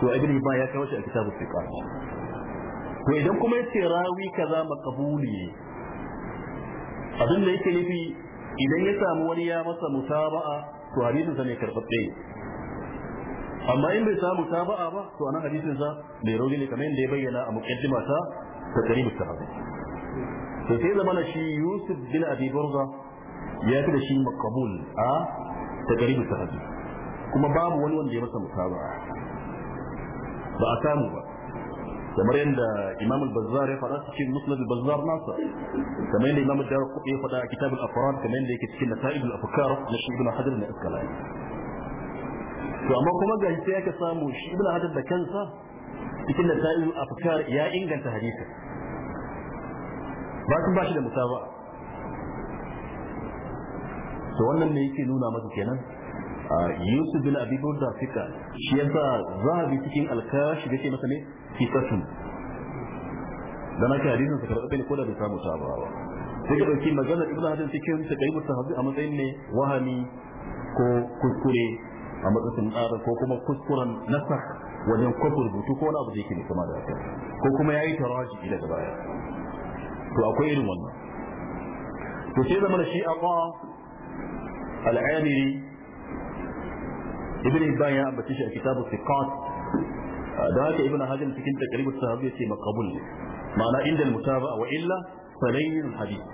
to ibn hibba ya kawo shi a kitabu fiqa to idan kuma yace rawi kaza maqbuli abin da yake nufi idan ya samu wani ya masa musaba'a to hadisin sa ne karbatse amma in bai samu ba'a ba to anan hadisin sa bai rauni ne kamar yadda ya bayyana a muqaddimata ta karibu sahabi to sai zama na shi yusuf bin abi burza ya fi da shi makabul a ta gari sahabi kuma babu wani wanda ya masa musaba ba a samu ba kamar yadda imam al-bazzar ya fara cikin musnad al-bazzar nasa kamar yadda imam al-dar kuɗi ya fara kitab al afran kamar yadda yake cikin nasa'ib al-afkar na shi ibn hajar na iskalai to amma kuma ga sai aka samu shi ibn hajar da kansa cikin nasa'ib al-afkar ya inganta hadisin ba sun ba shi da musaba to wannan ne yake nuna masa kenan yusuf bin abi burda fika shi yasa zahabi cikin alkashi da ke masa ne kasu. dan aka hadisin sa karɓa ne ko da bai samu saba ba sai ka ɗauki maganar ibnu hadin cikin ta kai musu a matsayin ne wahani ko kuskure a matsayin tsara ko kuma kuskuren nasar wajen kwakwar rubutu ko wani abu da yake ne kuma da ko kuma ya yi taraji daga baya to akwai irin wannan to sai zama da shi amma al'amiri ibn hibban ya ambaci shi a kitabu siqat ah, da haka ibn hajar cikin takribu sahabi yace maqbul ma'ana inda al-mutaba'a wa illa falayyin hadith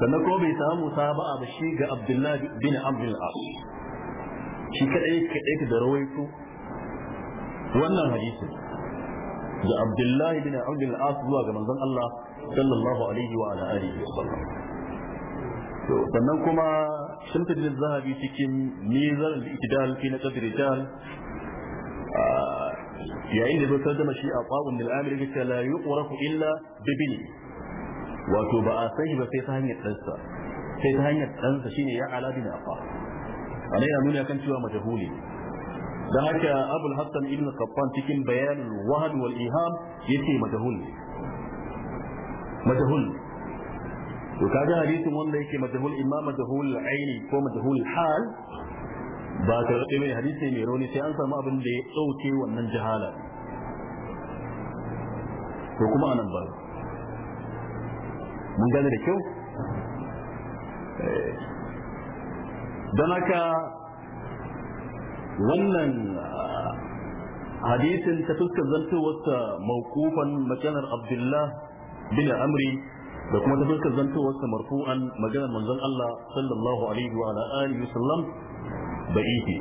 sannan ko bai samu mutaba'a ba shi ga abdullahi bin amr al-as shi kadai kadai da rawaito wannan hadisin da abdullahi bin abdul as zuwa ga manzon Allah sallallahu alaihi wa alihi wasallam to sannan kuma da zahabi cikin nizar al-iktidal fi na rijal yayin da zai zama shi a tsawon da al'amir ya ce la yuqrafu illa bibil wato ba a san ba sai ta hanyar ɗansa sai ta hanyar ɗansa shine ya ala bin afa ana yana nuna kan cewa majhuli da haka abul hassan ibn kaffan cikin bayan wahad wal iham yace majhul majhul to kaga hadisin wanda yake majhul imma majhul aini ko majhul hal ba ta rabe mai hadisi mai rauni sai an samu abin da ya dauke wannan jahala to kuma anan ba mun gane da kyau don haka wannan ah, hadisin ta fuskar zantowarsa mawqufan maganar Abdullah bin Amri da kuma ta fuskar zantowarsa marfu'an maganar manzon Allah sallallahu alaihi wa alihi wasallam da'ifi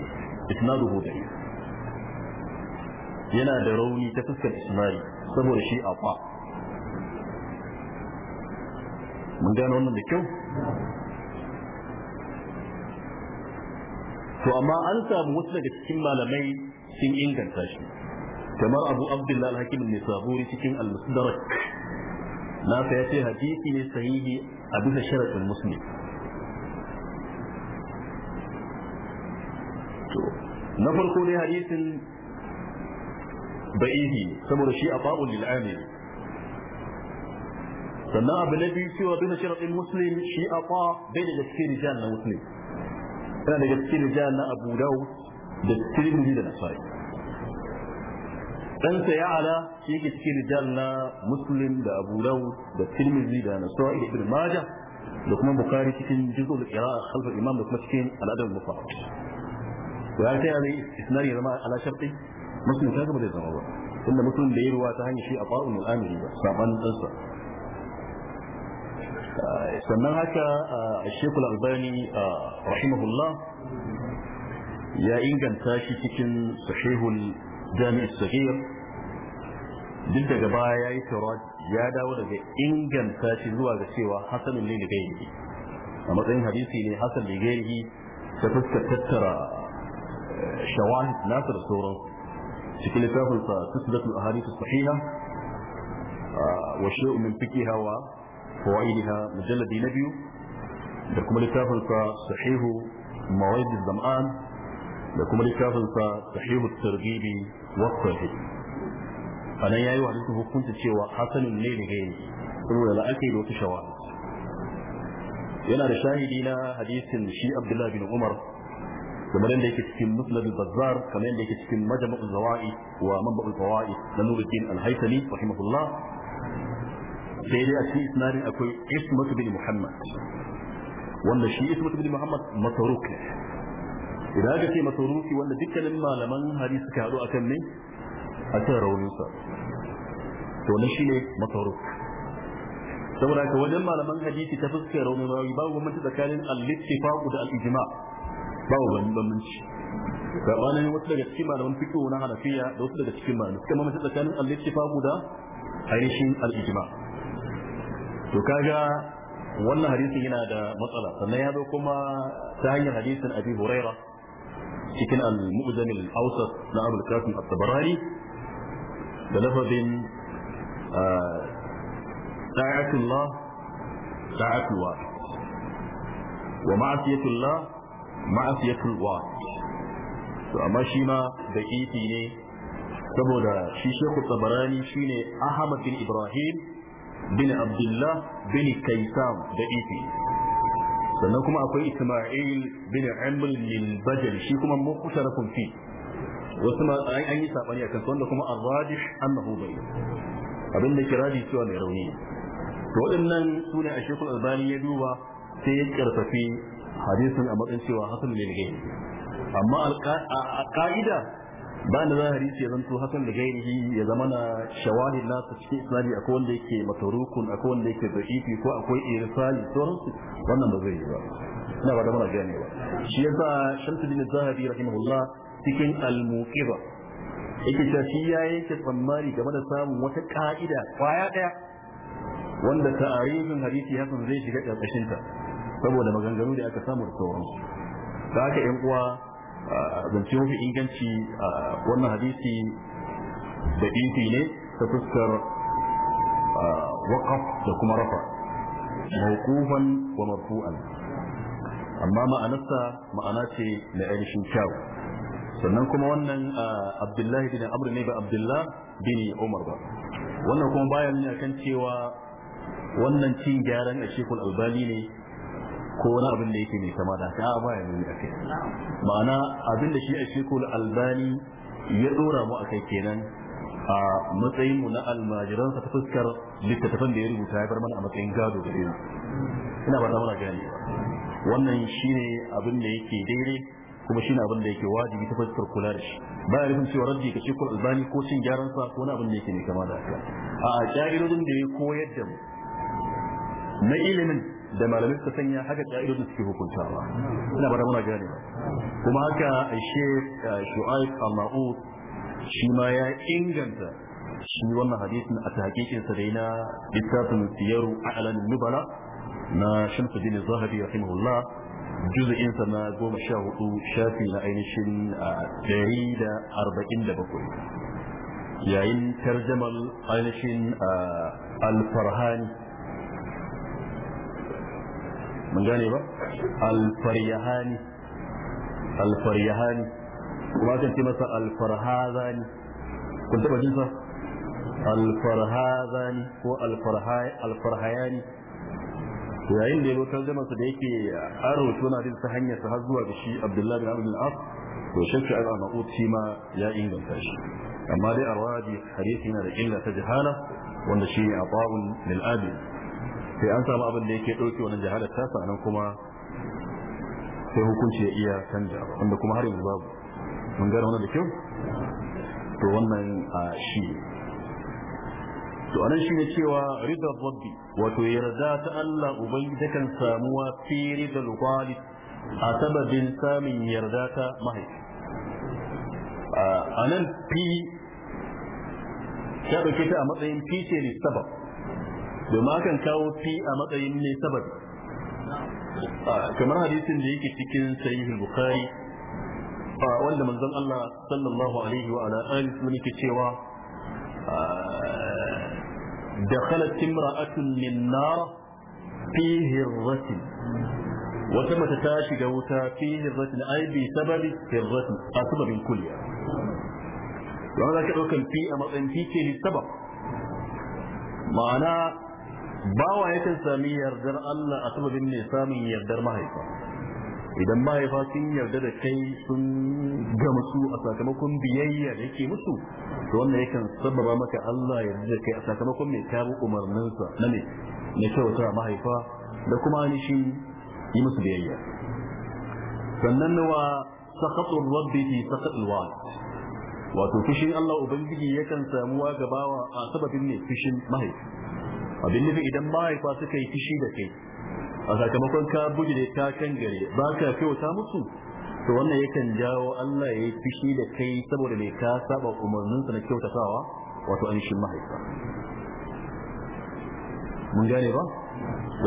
isnaduhu da'if yana da rauni ta fuskar Isma'il saboda shi afa mun gano wannan da kyau to amma an samu wasu daga cikin malamai sun inganta shi kamar abu abdullahi al-hakim nisaburi cikin al-musdarak na ya ce hadisi ne sahihi a bisa sharaɗin muslim na farko ne hadisin ba'ihi saboda shi a fa'ul lil'amil sannan abu na biyu cewa bisa sharaɗin muslim shi a fa bai da gaske rijal na muslim yana daga cikin rijal na Abu Dawud da Tirmidhi da Nasa'i dan sa ya ala yake cikin rijal na Muslim da Abu Dawud da Tirmidhi da Nasa'i da Ibn Majah da kuma Bukhari cikin juzul qira'a khalf imam da kuma cikin al'adar adab mufawwid ya ta yi isnari zama ala sharti muslim ta gaba da zama ba tunda muslim da yi ruwa ta hanyar shi a fa'un al-amiri ba saban dan sannan haka shekul albani rahimahullah ya inganta shi cikin sahihul jami'ar sahihar duk daga baya ya yi ya dawo daga inganta shi zuwa ga cewa hasanun ne da a matsayin hadisi ne hasan da gairi ta fuskar tattara شواهد ناصر الثورة شكل تاخذ تسلة الأحاديث الصحيحة وشيء من فكها fawaidha mujalladi na biyu da kuma littafin sa sahihu mawaid zam'an da kuma littafin sa sahihu targhibi wa sahih anan yayi wa hadisin hukunta cewa hasanun ne da saboda la ake wata shawa yana da shahidi na hadisin shi abdullahi bin umar kamar yadda yake cikin musnad al-bazzar kamar yadda yake cikin majma'u zawa'i wa manba'u zawa'i na nuruddin al-haytami rahimahullah sai dai a cikin isnadin akwai ismatu bin muhammad wanda shi ismatu bin muhammad masaruk idan aka ce masaruki wanda dukkanin malaman hadisi suka haɗu akan ne a kan sa, to na shi ne masaruk saboda haka wajen malaman hadisi ta fuskar raunin rawi babu bambanci tsakanin al-ittifaq da al-ijma babu bambanci gabanin wasu daga cikin malaman fiqh na hanafiya da wasu daga cikin malaman suka bambanci tsakanin al-ittifaq da ainihin al-ijma' to kaga wannan hadisin yana da matsala sannan ya zo kuma ta hanyar hadisin abi huraira cikin al-mu'jam al-awsat na Abu Qasim at-Tabarani da lafazin ah, da'atullah da'atul wa wa ma'asiyatullah ma'asiyatul wa to amma shi ma da ne saboda shi Sheikh Tabarani shine Ahmad bin Ibrahim bin abdullah bin kaisam da ifi sannan kuma akwai isma'il bin amr lil bajal shi kuma mukhtarafun fi wasu ma an yi sabani akan wanda kuma ar-rajih annahu bai abin da kiradi cewa mai rauni to waɗannan su a shekul albani ya duba sai ya karfafi hadisin a matsayin cewa hasan ne amma a ka'ida ba da za hadisi ya zanto hakan da gairihi ya zama na shawahid nasu cikin islami akwai wanda yake matarukun akwai wanda yake da'ifi ko akwai irsali sauransu wannan ba zai yi ba ina ba da muna gane ba shi yasa shamsuddin zahabi rahimahullah cikin al-muqiba yake cewa shi ya yake tsammani game da samun wata ka'ida kwaya daya wanda ta'arifin hadisi hasan zai shiga karkashin ta saboda maganganu da aka samu da sauransu da haka yan uwa zance mafi inganci wannan hadisi da ifi ne ta fuskar waƙaf da kuma rafa mawqufan wa marfu'an amma ma'anarsa ma'ana ce na ainihin kyau sannan kuma wannan abdullahi bin amr ne ba abdullah bin umar ba wannan kuma bayan ne kan cewa wannan cin gyaran a shekul albani ne ko wani abin da yake mai kama da ta ba ya nuni akai ma'ana abin da shi a shekul albani ya dora mu a kai kenan a matsayin mu na almajiran sa ta fuskar littattafan da ya rubuta ya bar mana a matsayin gado da mu ina ba ta mana gane wannan shine abin da yake daidai kuma shine abin da yake wajibi ta fuskar kula da shi ba ya rufin cewa rabbi ka shekul albani ko cin gyaran sa ko wani abin da yake mai kama da haka a jarirodin da ya koyar da mu na ilimin da malamai suka sanya haka ka'idodi suke hukuntawa ina ba da muna gane kuma haka ashe eh, shu'aib al shi ma ya inganta shi wannan hadisin a tahqiqin sa dai na littafin siyaru a'lan nubala na Shamsuddin Zahabi rahimahullah juz'in sa na 14 shafi na ainihin 147 yayin tarjamal ainihin al-farhani mun gane ba alfaryahani alfaryahani kuma kan ce masa alfarhazani kun taba jin sa alfarhazani ko alfarhayani to yayin da ya zo tarjama su da yake aro suna din ta hanyar ta har zuwa da shi Abdullahi bin Amr bin As to shakka al Ma'ud shi ma ya inganta shi amma dai arwaji hadisi na da illa ta jahala wanda shi ne abawun lil abi sai an samu abin da yake ɗauke wannan jahalar tasa nan kuma sai hukunci ya iya canja wanda kuma har yanzu babu mun gane wannan da kyau to wannan a shi to anan shi ne cewa ridda rabbi wato yarda ta Allah ubangi ta kan samuwa fi ridda walid a sababin samin yarda ta mahaifi A anan fi ta dauke ta a matsayin fi ce ne sabab domin akan kawo fi a matsayin ne sababi kamar hadisin da yake cikin sahih bukhari wanda manzon Allah sallallahu alaihi wa ala alihi wa yake cewa dakhalat imra'atun min nar fi hirratin wata mata ta shiga wuta fi hirratin ai bi sababi hirratin a sababin kulliya don ka ɗaukan fi a matsayin fi ni sabab ma'ana bawa yakan sami yardar Allah a sababin ne samun yardar mahaifa idan mahaifa sun yarda da kai sun gamsu a sakamakon biyayya da yake musu to wannan yakan sababa maka Allah ya da kai a sakamakon mai kawo umarninsa na ne na kyauta mahaifa da kuma anishin yi musu biyayya sannan wa sakatun rabbi fi sakatul walid wato fushin Allah Ubangiji yakan samuwa gabawa a sababin ne fushin mahaifa. abin nufi idan mahaifa suka yi kishi da kai a sakamakon ka da ta kan gare ba ka kyauta musu to wannan yakan jawo Allah ya yi fishi da kai saboda mai ka saba umarninsa na kyautatawa wato an shi mahaifa mun gane ba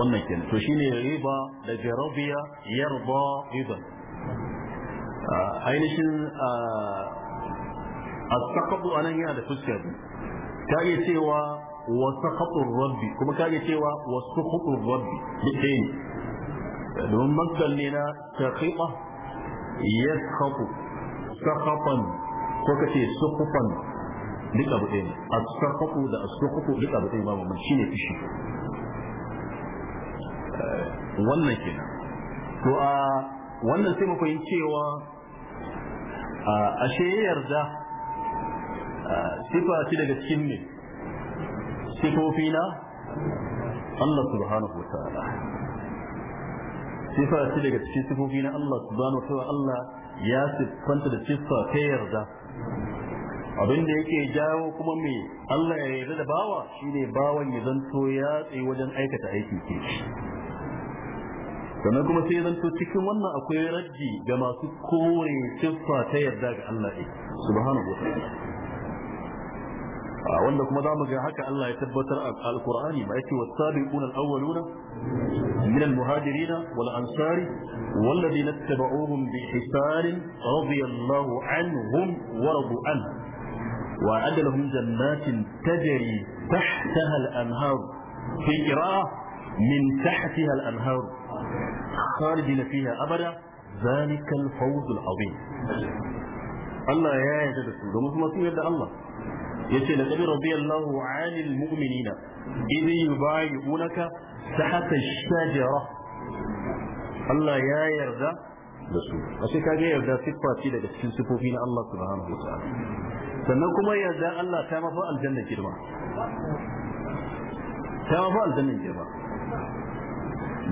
wannan kenan to shine riba da jarabiya yarda riba ainihin a sakabu anan yana da fuskar ta iya cewa wa sakhatun rabbi kuma kage cewa wa sakhatun rabbi dike ne domin mazdar ne na sakhita yaskhatu sakhatan ko kace sukhatan duk abu ɗaya ne a sakhatu da as-sukhatu duk abu ɗaya ba mun shine fishi wannan kenan to a wannan sai mu fahimci cewa ashe yarda sifa ce daga cikin ne sifofi na Allah subhanahu wa ta'ala sifa ce daga cikin sifofi na Allah subhanahu wa ta'ala Allah ya siffanta da siffa ta yarda abin da yake jawo kuma me Allah ya yarda da bawa shine bawan ya zanto ya tsaye wajen aikata aiki ke sannan kuma sai zanto cikin wannan akwai rajji ga masu kore siffa ta yarda ga Allah subhanahu wa ta'ala wanda kuma za mu ga haka Allah ya tabbatar a alkur'ani ba yake wasabiquna alawwaluna min almuhajirin wal ansari walladhina ittaba'uhum bi ihsan radiyallahu anhum wa radu an wa adalahum jannatin tajri tahtaha al-anhar fi qira'ah min tahtiha al-anhar khalidina fiha abada ذلك الفوز العظيم الله يا يا جدك ومثل ما يد الله yace da qad radiyallahu 'anil mu'minina idh yubayi'unaka tahta ash-shajara Allah ya yarda da su ashe kage yarda siffa ce daga cikin sifofi na Allah subhanahu wa ta'ala sannan kuma yarda Allah ta mafi aljanna girma ta mafi aljanna girma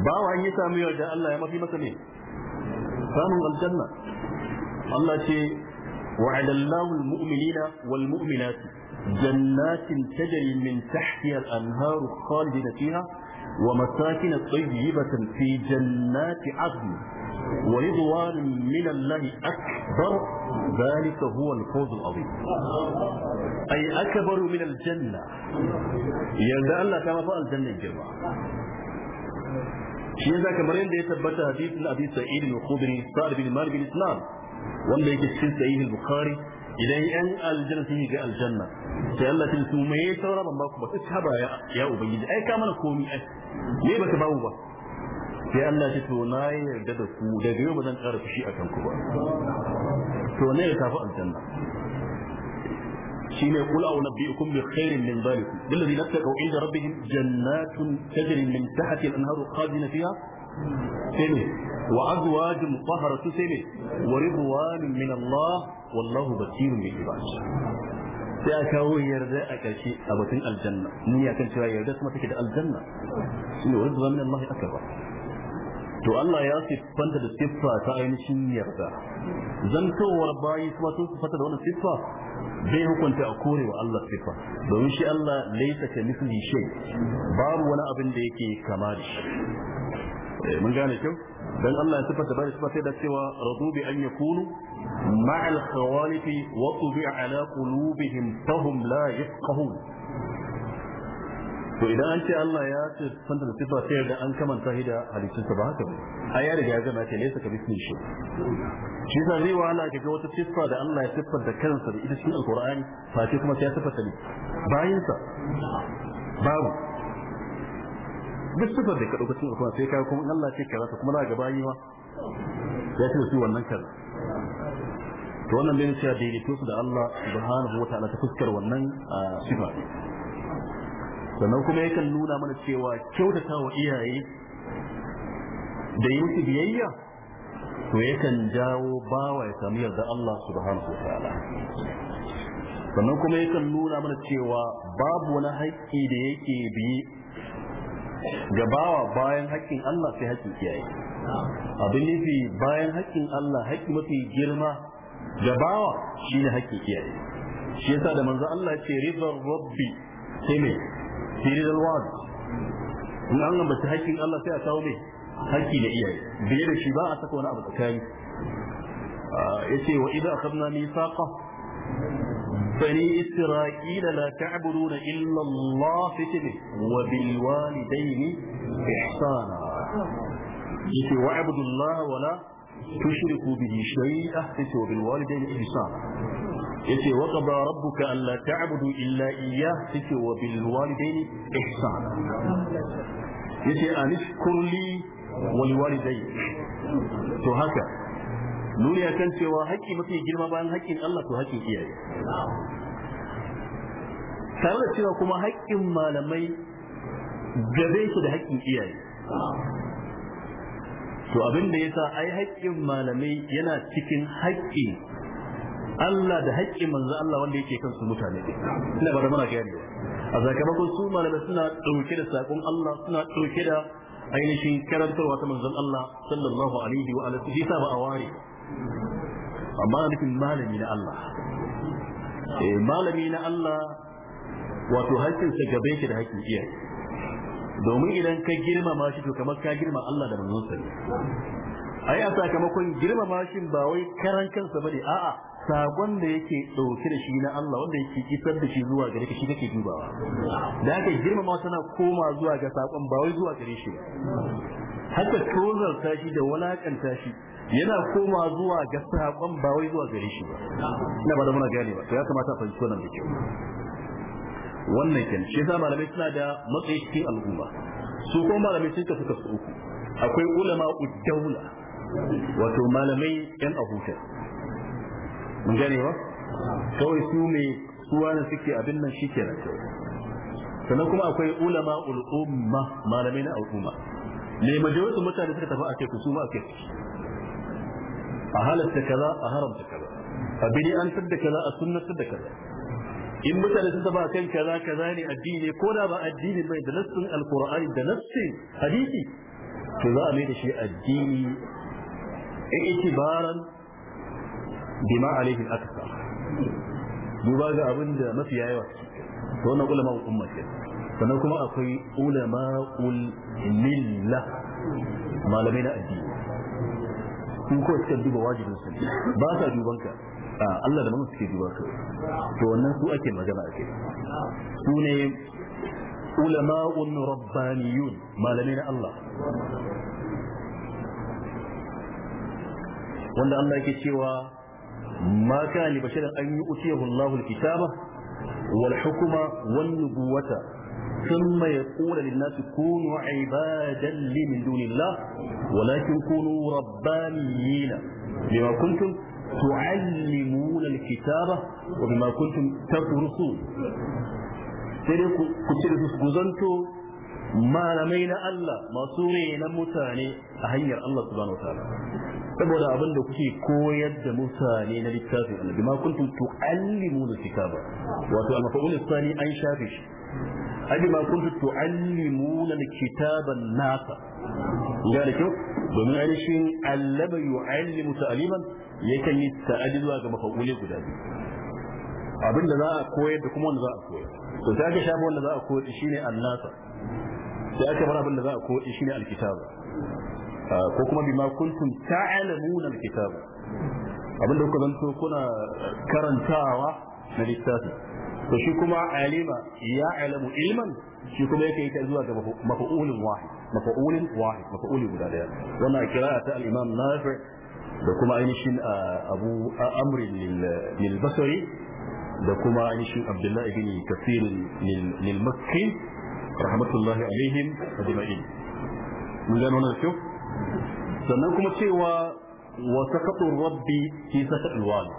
bawa an yi samu yarda Allah ya mafi maka ne samun aljanna Allah ce وعلى الله المؤمنين والمؤمنات جنات تجري من تحتها الأنهار خالدين فيها ومساكن طيبة في جنات عدن ورضوان من الله أكبر ذلك هو الفوز العظيم أي أكبر من الجنة يا الله كما قال الجنة الجماعة شيء ذا كمرين yadda ya tabbata hadisin سعيد الخضري al بن sa'ad bin malik bin islam wanda idan yan aljanna sun ga aljanna sai Allah ta su mai saura ban baku ba ka ba ya ya ubangiji ai ka mana komi ai me baka bawo ba sai Allah ta to na yarda da ku daga yau ba zan ƙara fushi a kanku ba to ne ya tafi aljanna شين يقول أو نبئكم بخير من ذلك بالذين اتقوا عند ربهم جنات تجري من تحت الأنهار خالدين فيها sai ne wa azwajun mutahharatu sai ne wa ridwanun min Allah wallahu basirun bil ibad sai a kawo yarda a ƙarshe a batun aljanna ni ya kan cewa yarda kuma take da aljanna shine wa ridwanun min Allah akbar to Allah ya siffanta da siffa ta ainihin yarda zantowar bayi kuma sun siffanta da wannan siffa zai hukunta a kore wa Allah siffa domin shi Allah laisa ka misli shay babu wani abin da yake kama da shi mun gane kyau dan Allah ya tabbata bai tabbata da cewa radu bi an yakunu ma'al khawalifi wa tubi ala qulubihim fahum la yafqahun to idan an ce Allah ya ce santa da sifa sai da an kamanta shi da halittunsa ba haka ba a ya riga ya zama ce laysa ka bismi shi shi sa zai wahala ka ga wata sifa da Allah ya siffar da kansa da ita cikin alqur'ani fa ce kuma sai ya siffar ta ne bayin sa babu duk sifar da ka dauka cikin alquran sai ka kuma Allah ce kaza kuma za ka yi ma ya ce su wannan kaza to wannan bai cewa da su da Allah subhanahu wataala ta fuskar wannan sifa sannan kuma yakan nuna mana cewa kyautata wa iyaye da yi musu biyayya to yakan jawo bawa ya sami yarda Allah subhanahu wataala sannan kuma yakan nuna mana cewa babu wani haƙƙi da yake biye gabawa bayan haƙƙin Allah sai haƙƙin kiyaye abin nufi bayan haƙƙin Allah haƙƙi mafi girma gabawa shi ne haƙƙin kiyaye shi yasa da manzo Allah ce Rizal rabbi sai me sai wadi in an ambaci haƙƙin Allah sai a kawo me haƙƙi da iyaye biye da shi ba a saka wani abu tsakani ah, yace wa idan akhadna mithaqa بني إسرائيل لا تعبدون إلا الله فتنه وبالوالدين إحسانا يتي وعبد الله ولا تشركوا به شيئا يتي وبالوالدين إحسانا يتي وقضى ربك أن لا تعبدوا إلا إياه يتي وبالوالدين إحسانا يتي أن اشكر لي ولوالديك تو هكذا nuni akan cewa haƙƙi mafi girma bayan haƙƙin Allah to haƙƙin iyaye tare da cewa kuma haƙƙin malamai gabe su da haƙƙin iyaye to abin da ya sa ai haƙƙin malamai yana cikin haƙƙin Allah da haƙƙin manzo Allah wanda yake kansu mutane ina ba da muna ganewa a sakamakon su malamai suna ɗauke da sakon Allah suna ɗauke da ainihin karantarwa ta manzon Allah sallallahu alaihi wa alihi sa ba a ware amma nufin malami na Allah eh, malami na Allah wato haƙƙinsa gabe shi da haƙƙin iya domin idan ka girmama shi to kamar ka girma Allah da manzon sa ai a sakamakon girmama shi ba wai karan kansa bane a'a sakon da yake dauke da shi na Allah wanda yake kisar da shi zuwa gare ka shi kake dubawa
da haka girmama
tana koma zuwa ga sakon ba wai zuwa gare shi haka tozar tashi da walakanta shi yana koma zuwa ga saƙon ba wai zuwa gare shi ba ina ba da muna gane ba to ya kamata a fahimci wannan da kyau wannan kin shi yasa malamai suna da matsayi cikin al'umma su ko malamai sun tafi kasu uku akwai ulama uddaula wato malamai yan abuta mun gane ba kawai su ne su wani suke abin nan shi kenan sannan kuma akwai ulama ul'umma malamai na al'umma ne majalisar mutane suka tafi a kai su ma a kai a halatta kaza a haramta kaza a bini an da kaza a sunnatar da kaza in mutane sun taba kan kaza kaza ne addini ko da ba addini mai da nassin alqur'ani da nassin hadisi to za a mai da shi addini in baran bima alaihi akasa. duba ga abin da mafiya yawa to wannan ulama umma ce sannan kuma akwai ulama ul milla malamai na addini sun kawai suka duba wajibin su ba sa duban ka Allah da mamu suke duba ka to wannan su ake magana ake su ne ulama'un rabbaniyun malamai na Allah wanda Allah yake cewa ma kana ba basharin an yi utiyahu Allahu kitaba wal hukuma wan nubuwata ثم يقول للناس كونوا عبادا لي من دون الله ولكن كونوا ربانيين بما كنتم تعلمون الكتابة وبما كنتم تدرسون كنتم ما لمينا الله ما سورينا متاني أهير الله سبحانه وتعالى تبدا ابن دوكي كو يد نبي كافي بما كنتم تعلمون الكتابه وتو المفعول الثاني اي شافش abima kuntu tu'allimuna alkitaban nasa ga da kyau domin ainihin allaba yu'allimu ta'liman yakan yi ta'adi ga mafaule guda biyu abinda za a koyar da kuma wanda za a koyar to ta ga shafa wanda za a koyar shine annasa sai aka bar abinda za a koyar shine alkitaba ah, ko kuma bima kuntum ta'lamuna
Abin
abinda kuka zanto kuna karantawa na littafi to shi kuma alima ya alamu ilman shi kuma yake yi ta zuwa ga mafa'ulin wahid mafa'ulin wahid mafa'ulin guda daya wannan kira'a ta al-imam nafi da kuma ainihin abu amrin lil basri da kuma ainihin abdullahi bin kafir lil makki rahmatullahi alaihim ajma'in mun gano wannan kyau sannan kuma cewa wa sakatu rabbi fi sakatu al-walid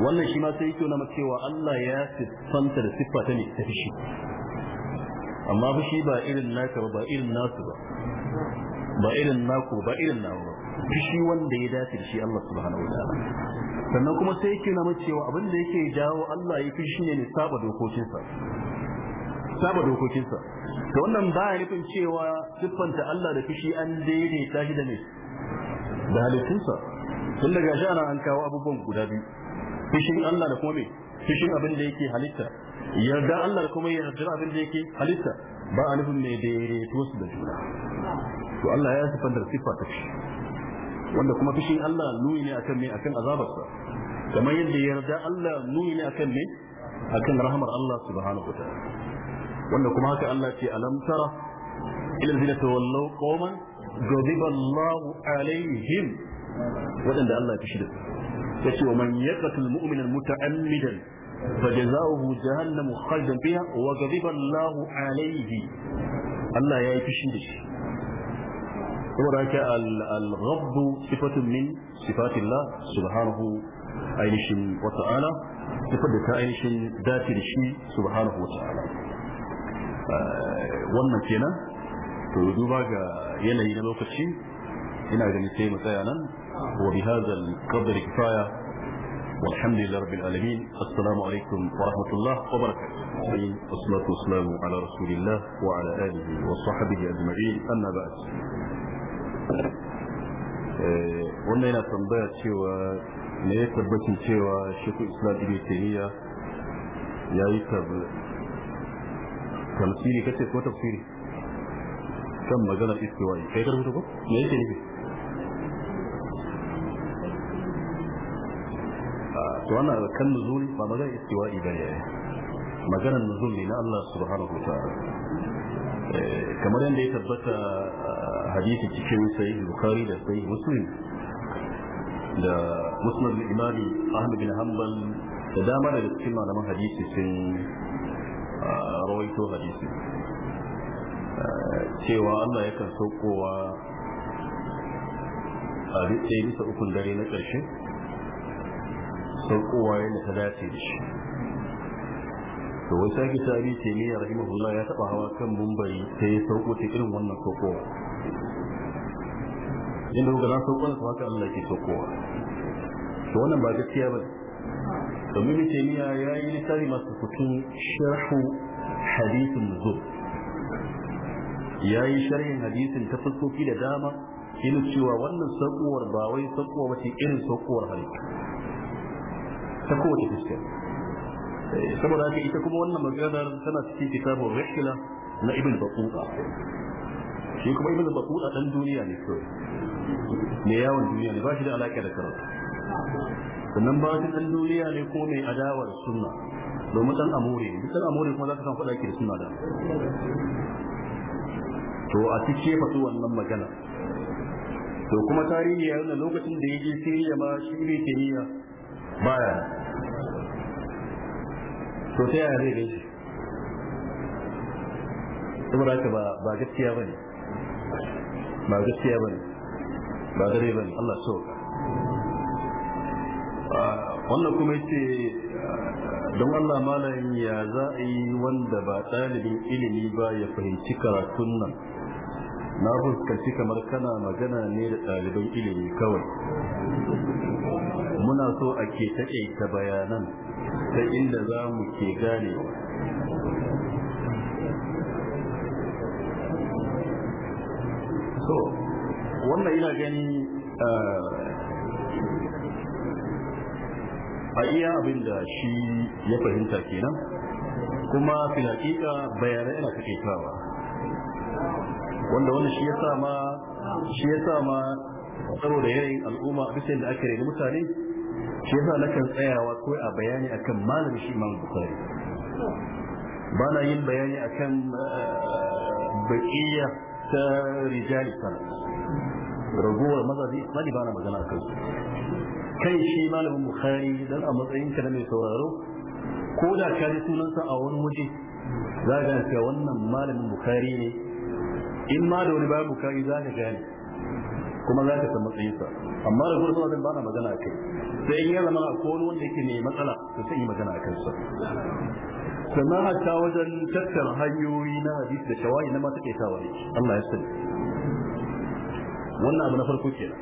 wannan shi ma sai yake nuna cewa Allah ya siffanta da siffa ta ne ta fishi amma fushi ba irin naka ba ba irin nasu ba ba irin naku ba irin nawa ba fushi wanda ya dace da shi Allah subhanahu wataala sannan kuma sai yake nuna cewa abin da yake jawo Allah ya fushi ne ne saba dokokinsa saba dokokinsa to wannan ba ya nufin cewa siffanta Allah da fushi an daidaita shi da ne da halittunsa tun daga shi ana an kawo abubuwan guda biyu fishin Allah da kuma me fishin abin da yake halitta yarda Allah da kuma yarda abin da yake halitta ba a nufin mai daidaito su da juna to Allah ya sifanta sifa ta fishi wanda kuma fishin Allah nuni ne akan me akan azabarsa kamar yadda yarda Allah nuni ne akan me akan rahmar Allah subhanahu wa ta'ala wanda kuma haka Allah ce alam tara ila alladhina tawallaw qauman ghadiba Allahu alaihim wadanda Allah ya fishi da su yace wa man yaqtul mu'mina muta'ammidan wa جهنم خالدا فيها وغضب الله عليه الله يا يفشي saboda al-ghabdu sifatun min sifatillah subhanahu ainihin wa ta'ala sifar da ta ainihin dace da shi subhanahu wa ta'ala eh, wannan kenan to duba ga yanayi na lokaci ina ganin sai mu tsaya nan وبهذا القدر كفاية والحمد لله رب العالمين السلام عليكم ورحمة الله وبركاته والصلاة والسلام على رسول الله وعلى آله وصحبه أجمعين أما بعد wannan yana tambaya cewa me ya tabbacin cewa shekul islam ibn taymiya ya yi tamsiri kace ko tafsiri kan maganar istiwa'i kai garbuta ko me yake nufi wannan kan nuzul ba magana istiwa'i ba ne maganar nuzul ne na Allah subhanahu wa ta'ala eh, kamar yadda ya tabbata hadisi cikin sahih bukhari da sahih muslim da musnad al-imam ahmad bin hanbal da dama da cikin malaman hadisi sun rawaito hadisi eh, cewa Allah yakan saukowa a bisa ukun dare na ƙarshe san kowa yadda ta dace da shi to wai sake tabi ce ne rahimahullah ya taba hawa kan mumbari sai ya sauko ta irin wannan saukowa inda kuka na sauko na haka Allah ke saukowa to wannan ba gaskiya ba domin ibn taymiya ya yi littafi masu kutun sharhu hadithin nuzul ya yi sharhin hadisin ta fuskoki da dama yana cewa wannan sakowar ba wai sakowa wace irin sakowar halitta ta kowace fuska eh, saboda haka ita kuma wannan maganar tana cikin kitabun rihla na ibn batuta shi kuma ibn batuta dan duniya ne kawai mai yawon duniya ne ba shi da alaƙa da karatu sannan ba shi dan duniya ne ko mai adawar sunna domin dan amore duk dan amore kuma za ka san faɗa ki da sunna da to a cike fasu wannan magana to kuma tarihi ya nuna lokacin da ya je Siriya ma shi ne Keniya baya to ta yaya zai gaishe saboda haka ba gaskiya ba ne ba gaskiya ba ne ba dare ba ne Allah so ah, wannan kuma yace don Allah malam ya za a yi wanda ba ɗalibin ilimi ba ya fahimci karatun nan na fuskanci kamar kana magana ne da ɗaliban ilimi kawai muna so a ke taƙaita bayanan ta inda za mu ke ganewa so wannan ina gani a iya abin da shi ya fahimta kenan kuma fi hakika bayanai yana taƙaitawa wanda wani shi ya sa ma shi ya sa ma saboda yayin al'umma bisa da aka rena mutane shi yasa nakan tsayawa ko a bayani akan malamin shi imam bukhari ba na yin bayani akan eh, baƙiyya ta rijali sana ragowar mazaje ismali ba na magana akan su kai shi malamin bukhari dan a matsayin ka na mai sauraro ko da ka ji sunansa a wani waje za ka ga wannan malamin bukhari ne in ma da wani bayan bukhari za ka gane kuma za ta san matsayinsa amma da gurbin wajen bana magana a kai sai in ya zama ko wani wanda yake ne matsala to sai magana a kansa sannan hatta wajen tattara hanyoyi na hadisi da shawayi na mata kai tawaye Allah ya sani wannan abu na farko kenan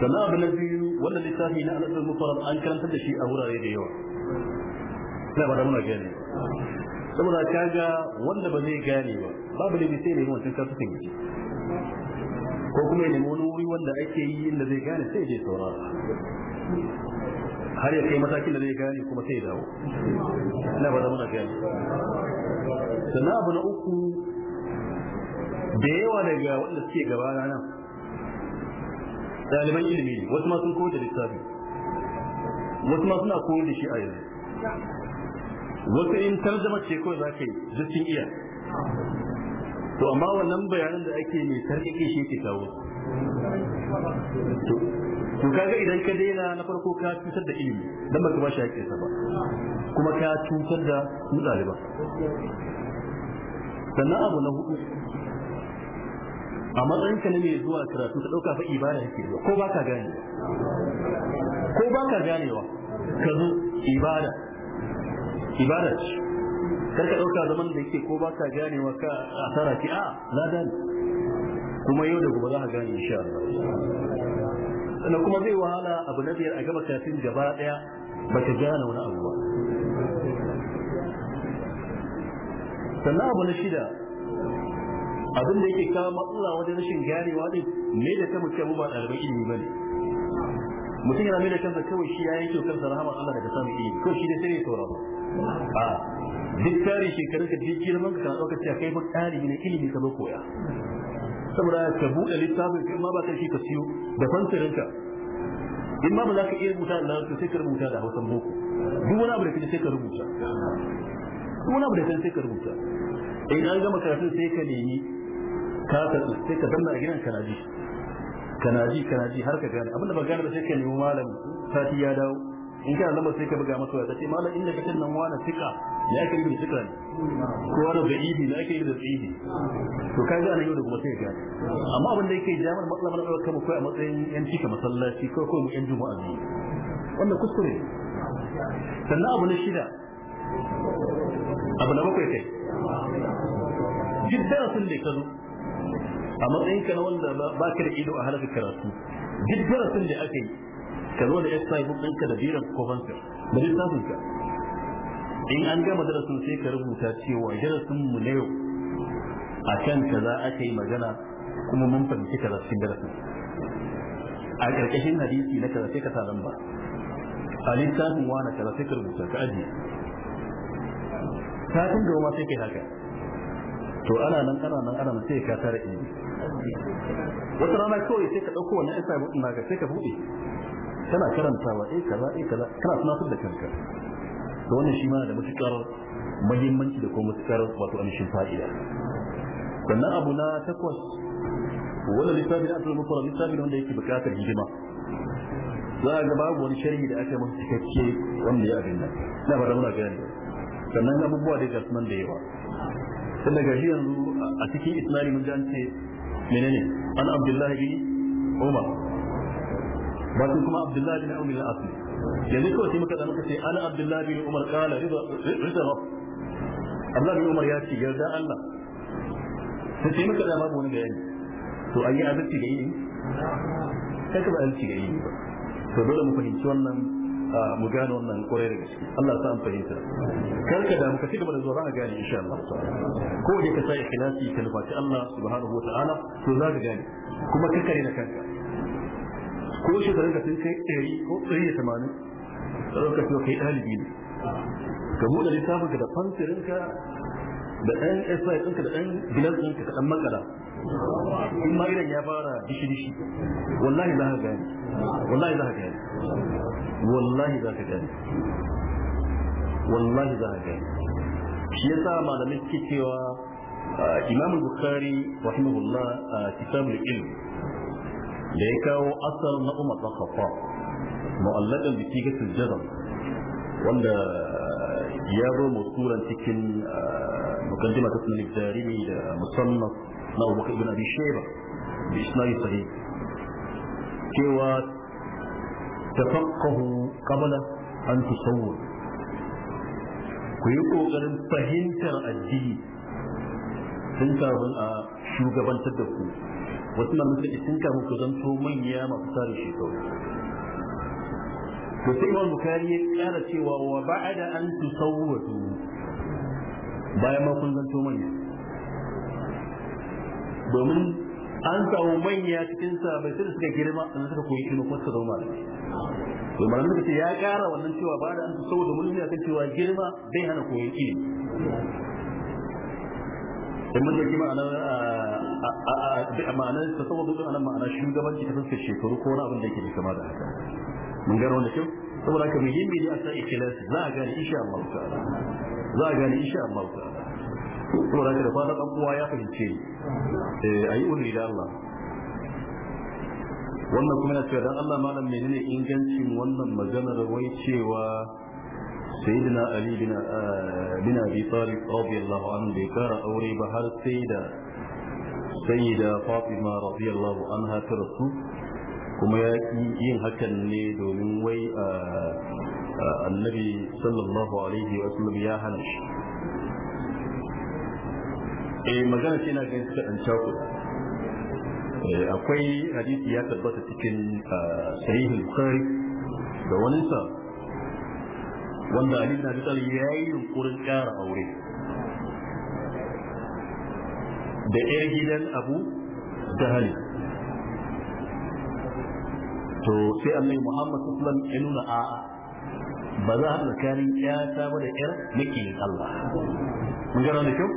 sannan abu na biyu wannan littafi na al'adar mufarar an karantar da shi a wurare da yawa na ba da muna gani. saboda ga wanda ba zai gane ba babu ne sai ne wancan kasuwan yake ko kuma ya nemi wani wuri wanda ake yi inda zai gane sai je saurara har ya kai matakin da zai gane kuma sai dawo na ba da muna gani. sannan abu na uku da yawa daga wanda suke gaba nan ɗaliban ilimi wasu ma sun koyar da littafi wasu ma suna koyar da shi a yanzu wasu in tarjama ce kawai za ka yi duk iya to amma wannan bayanan da ake mai sarƙaƙe shi ke kawo to kaga idan ka daina na farko ka cutar da ilimi dan baka ba shi sa ba kuma ka cutar da mu ɗaliba sannan abu na hudu a matsayin ka na mai zuwa karatu ta ɗauka fa ibada yake zuwa ko baka gane ko baka ganewa ka zo ibada ibada ce kar ka ɗauka zaman da yake ko ba ka wa ka asara ki a ladan kuma yau da gobe za ka gane insha Allah sannan kuma zai wahala abu na biyar a gaba kafin gaba daya ba ta gane wani abu ba sannan abu na shida abin da yake kawo matsala wajen rashin ganewa din me da ta mutum ba rabin ilimi ba ne mutum yana mai da kansa kawai shi ya yanke kansa rahama Allah daga samun ilimi ko shi da sai ya saurara a duk tari shekarun ka duk girman ka kana ɗaukar cewa kai ba tsari ne ilimi ka koya saboda ka buɗe littafin kai ma ba ka shi ka siyo da fansirin ka in ma ba za ka iya rubuta da larabci sai ka rubuta da hausan boko duk wani abu da kaje sai ka rubuta duk wani abu da kaje sai ka rubuta in an gama karatun sai ka nemi ka ka sai ka danna a gidan kana ji kana ji kana ji har ka gane abinda ba gane ba sai ka nemi malam sati ya dawo in kana lamar sai ka buga masa waya ce malam inda ka nan wani fika ya ka yi da fika ne ko wani da'ibi na ake yi da da'ibi to ka ga yau da kuma sai ka amma abin da yake jami'ar matsalar da kuma kai a matsayin yan cika masallaci ko ko yan juma'a ne wannan kuskure sannan abu na shida abu na bakwai kai jiddan sun da ka zo a matsayin ka na wanda ba ka da ido a halaka karatu jiddan sun da aka yi ka zo da extra book ɗinka da biran kofansa da littafin ka in an gama darasin sai ka rubuta cewa darasin mu na yau a kan kaza aka yi magana kuma mun fahimci kaza cikin darasin a ƙarƙashin hadisi na kaza sai ka sa ba a lissafin wani kaza sai ka rubuta ka ajiye ka tun gaba sai kai haka to ana nan ana nan ana sai ka tara ilimi wata rana kawai sai ka ɗauko wannan isa mutum naka sai ka buɗe kana karantawa eh kaza eh kaza kana tunatar da kanka to wannan shi ma da mutukar muhimmanci da kuma mutukar wato anishin fa'ida sannan abu na takwas wannan littafin asul mufrad littafin wanda yake bukatar hijima za a ga babu wani sharhi da aka masa cikakke wanda ya abin nan na ba da muna gani sannan abubuwa da gasman da yawa Sannan daga shi yanzu a cikin isnani mun ji ce menene an abdullahi bin umar wato kuma abdullahi bin umar al-asli yanzu kawai sai muka da muka ce ana abdullahi bin umar qala rida rida abdullahi bin umar ya ce yarda Allah sai sai muka da babu wani bayani to an yi azabci da yi sai ka ba azabci da yi ba to dole mu fahimci wannan mu gane wannan kwarai da gaske Allah sa an fahimta kar ka damu ka cigaba da zuwa a gane insha Allah ko da ka sai ikhlasi ka nufaci Allah subhanahu wa ta'ala to za ka gane kuma kakkare na kanka ko shekarun ka sun kai ɗari ko ɗari da tamanin tsaron ka cewa kai ɗalibi ne ka buɗe littafin ka da fansirin ka da ɗan SY ɗinka da ɗan bilan ɗinka ka ɗan makala in ma idan ya fara dishi-dishi wallahi za ka gani wallahi za ka gani wallahi za ka gani wallahi za ka gani shi yasa malamai suke cewa ah, imam bukhari rahimahullah ah, kitabul ilm da ya kawo asal na umar ɗan khattab mu'alladan bi sigatul jazm wanda ya zo musuran cikin ah, mukaddima ta sunan jarimi da musamman na Abu Bakar ibn Abi Shayba bi isnadi sahih cewa tafaqahu qabla an tusawwir ku yi kokarin fahimtar addini tun kafin a shugabantar da ku wasu na suka sun kamu ku zanto manya masu tare shekaru to sai imam bukari ya kara cewa wa da an su tusawwadu bayan ma kun zanto manya domin an samu manya cikin bai sai suka girma sannan suka koyi ilimi kuma suka zama malamai domin malamai suka ce ya kara wannan cewa ba da an su tusawwadu mulki akan cewa girma zai hana koyon ilimi sai mun a nan. a ma'anar saboda din anan ma'ana shugabanci ta fuskar shekaru ko wani abin da yake da kama da haka mun gano da kyau saboda haka muhimmi ne a sa ikhlasi za a gane insha Allah ta'ala za a gane insha Allah ta'ala saboda haka da fatan dan uwa ya fahimce eh ayi ulri da Allah wannan kuma na cewa dan Allah malam menene ingancin wannan maganar wai cewa sayyidina ali bin eh, bin abi talib radiyallahu anhu bai kara aure ba har sayyida fatima radiyallahu anha ta rasu kuma ya yin hakan ne domin wai annabi sallallahu alaihi wa sallam ya hana shi eh magana ce na ga ta dan akwai hadisi ya tabbata cikin sahih bukhari da wani sa wanda Ali na Abi Talib yayi yunkurin ƙara aure da yar gidan abu jahali to sai annabi muhammad sallallahu ya nuna a'a ba za a tsakanin ƴata ba da ƴar makiyin Allah mun gara da kyau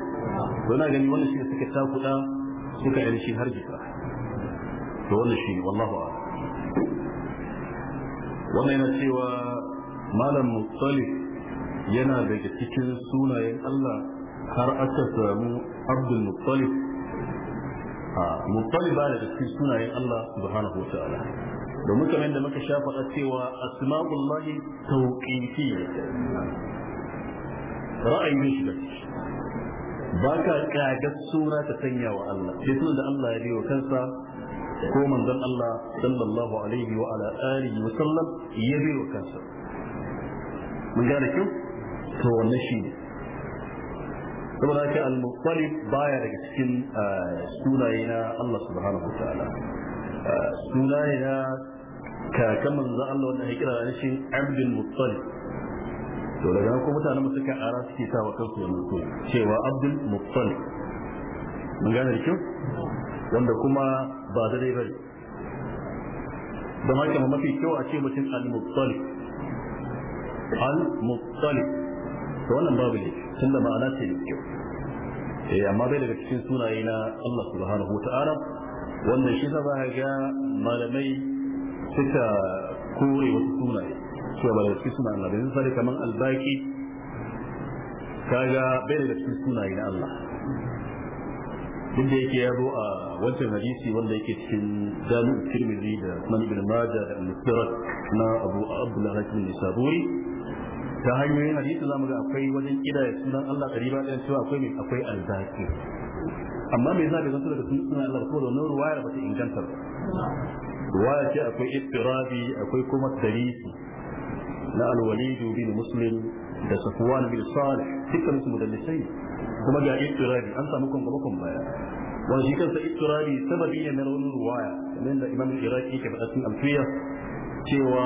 to na gani wannan shi suka ta kuɗa suka yi shi har jika to wannan shi ne wallahu a. wannan yana cewa malam mutsalif yana daga cikin sunayen Allah har aka samu abdul muttalib muttalib ba da cikin sunayen Allah subhanahu wa ta'ala domin kamar yadda muka sha faɗa cewa asma'ullahi tauqifiyya ra'ayin shi da ba ka kagar suna ta sanya wa Allah sai sunan da Allah ya biyo kansa ko manzon Allah sallallahu alaihi wa ala alihi wa sallam ya biyo kansa mun gane kyau to wannan shi ne saboda haka al baya daga cikin eh, sunaye na Allah subhanahu wataala eh, sunaye na kakan manzo Allah wanda ya kira shi Abdul Muttalib to daga ko mutanen mu suka ara suke sa wa kansu yanzu to cewa Abdul Muttalib mun gane da kyau wanda kuma ba da dai bane da ma mafi kyau a ce mutum al-Muttalib al-Muttalib to wannan babu ne tun da ma'ana ce mai kyau eh amma bai daga cikin sunaye na Allah subhanahu wa ta'ala wanda shi za ga malamai suka kore wasu sunaye cewa ba daga cikin suna Allah bai sai kaman albaki kaga bai daga cikin sunaye na Allah duk da yake ya zo a wancan hadisi wanda yake cikin jami'in tirmidhi da sunan ibn majah da al-musnad na abu abdullahi hakim nisaburi ta hanyoyin hadisi mu ga akwai wajen kida sunan Allah ɗari ba ɗaya cewa akwai mai akwai alzaki amma me yasa bai zanto daga sunan Allah ko da wannan ruwaya ba ta inganta ba ruwaya ce akwai istirabi akwai kuma darisi na alwalidu bin muslim da safwan bin salih dukkan su mudallisai kuma ga istirabi an samu kon gaba kon baya wani shi kansa istirabi sababi ne na wani ruwaya kamar da imam iraki ke faɗa cikin alfiya cewa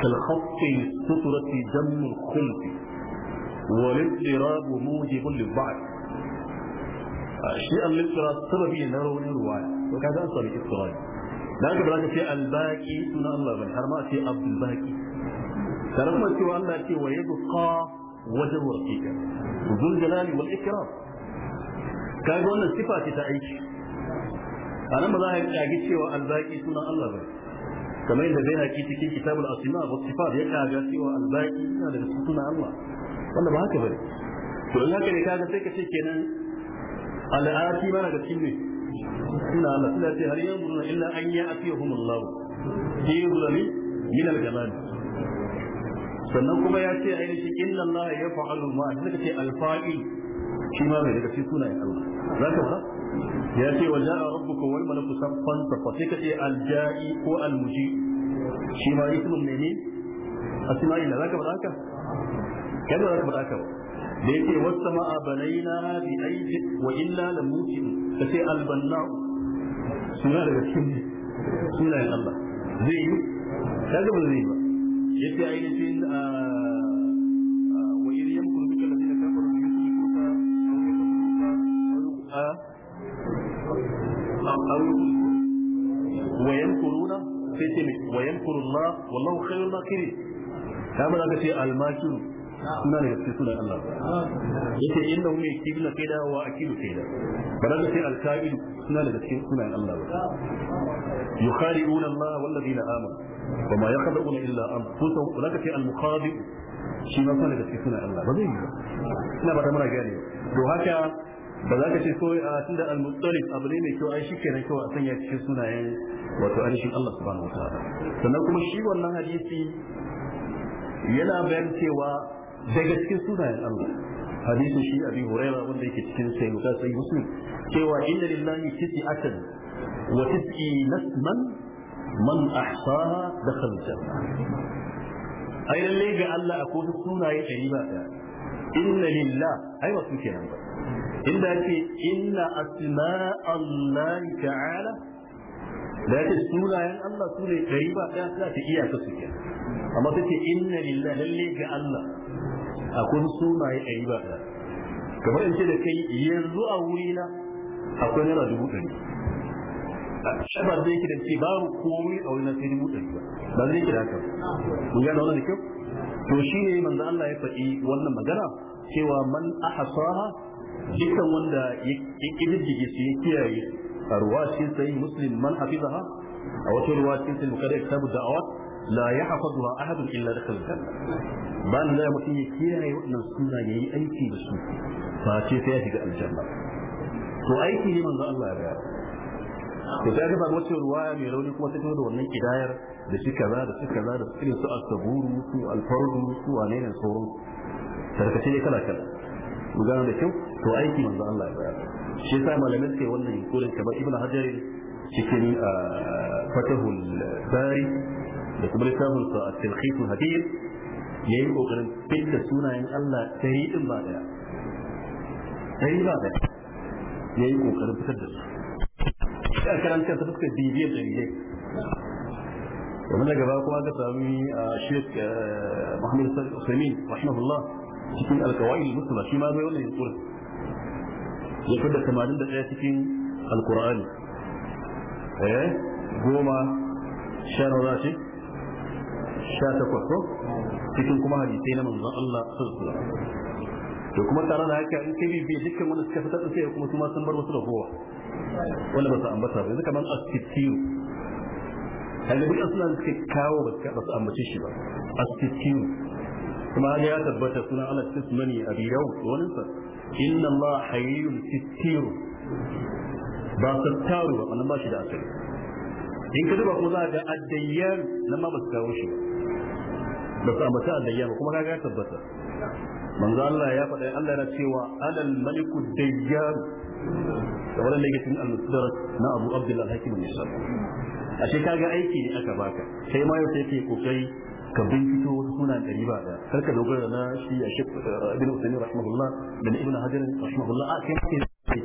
كالخط السترة دم الخلق والاضطراب موجب للضعف الشيء الاضطراب سببي نرو الرواية وكذا أصل الاضطراب لكن تبرك في الباكي سنة الله بن حرما في عبد الباكي ترمى سوى الله في ويبقى وجه رقيقا ذو الجلال والإكرام كان يقول الصفات تعيش أنا ما ظاهر أجيش وأنباكي سنة الله بل kamar yadda bai haƙi cikin kitabul asima wa sifat ya kaga cewa albaki yana daga cikin Allah wanda ba haka bane to in haka ne kaga sai ka ce kenan al'ati mana daga cikin ne ina Allah suna ce har yau mun illa an ya afiyahum Allah fi zulmi min al-jamal sannan kuma ya ce a ainihin inna Allah ya fa'alu ma sai ka ce al-fa'il shi ma mai daga cikin sunayen Allah ka ba ya ce wa ja'a rabbuka wal malaku saffan saffa sai ka ce al ko almuji. shi ma mene a ne asma'i da zaka bada ka kada zaka bada ka da yake was sama'a banaina bi aidi wa illa la mutin ka ce albanna. banna'u suna daga cikin sunayen Allah zai yi ga ba zai ba yace ainihin ah, sai ce ne wa yankurullah wallahu khairul ta ka ce almakiru suna gaske sunan Allah ka ce alkaidu suna gaske sunan Allah ma illa ka ce almukhadi shi ma suna gaske sunan Allah ba zai yi ba ba ta to haka ba za ka ce ko a tun da al-muttalib abu ne mai kyau ai shi kenan kyau a sanya cikin sunayen wato ainihin Allah subhanahu wataala sannan kuma shi wannan hadisi yana bayan cewa daga cikin sunayen Allah hadisin shi abi huraira wanda yake cikin sai bukhari sai muslim cewa inna lillahi tis'atan wa tis'i nasman man ahsaha dakhala al-janna ai lalle ga Allah akwai sunaye ɗari ba ɗaya inna lillah ai wasu kenan ba inda ce inna asma Allah ta'ala da ce sunayen Allah su ne ɗari ba ɗaya za ta iya ta suke amma ta ce inna lillahi lalle ga Allah akwai sunaye ɗari ba ɗaya kamar in ce da kai yanzu a wurina akwai naira dubu ɗari shabar zai ki da ce babu komai a wurina sai dubu ɗari ba Ba zai kira haka mun gane wannan da kyau to shi shine manzo Allah ya faɗi wannan magana cewa man ahsaha dukkan wanda ya kididdige su ya kiyaye a ruwacin sai muslim man hafizaha a wata ruwacin sai bukari kitabu da'awat la ya hafazuha ahadun illa da kalkan ba ni da mutum ya kiyaye waɗannan suna ya yi aiki da su ba ce sai ya shiga aljanna to aiki ne manzo Allah ya gaya to sai ga ba wata ruwaya mai rauni kuma ta fito da wannan kidayar da shi kaza da shi kaza da irin su al-saburu su al-fardu su wane ne sauran tarkace ne kala kala mu da kyau to aiki manzo Allah ya bayar shi yasa malamai sai wannan yunkurin kamar ibnu hajar cikin fatahul bari da kuma littafin sa at-tilkhithul hadith yayi kokarin fitta sunayen Allah sai din ba daya sai ba daya yayi kokarin fitar da su a karanta ta fuskar bibiyar dalilai ومن جبا كوا تسامي الشيخ محمد الصالح الأسلمين رحمه rahimahullah cikin alkawai musulma shi ma zai wannan yankurin ya fi da tamanin da ɗaya cikin alkur'ani eh goma sha nawa ce sha takwas ko cikin kuma hadisai na manzon Allah sallallahu alaihi wasallam to kuma tare da haka in kai bi dukkan wanda suka fitar sai kuma kuma sun bar wasu da ragowa wanda ba su ambata ba yanzu kamar asitiyu halibu yan suna suke kawo ba su ambace shi ba asitiyu kuma ya tabbata suna Allah cikin sunani a birawo da wani sa inna Allah hayyun sittiru ba sattaru ba wannan ba shi da asali in ka duba kuma za ga addayyan nan ma ba su kawo shi ba su ambata addayyan ba kuma ka ga tabbata manzo Allah ya faɗa Allah yana cewa alal maliku dayyan da wannan ne cikin al-mustadrak na Abu Abdullah Hakim ne sallallahu ashe kaga aiki ne aka baka sai ma yau sai ke kokari ka binciko wasu suna ɗari ba da karka dogara na shi a shi bin usaini rahimahullah da na ibn hajar rahimahullah a kai ke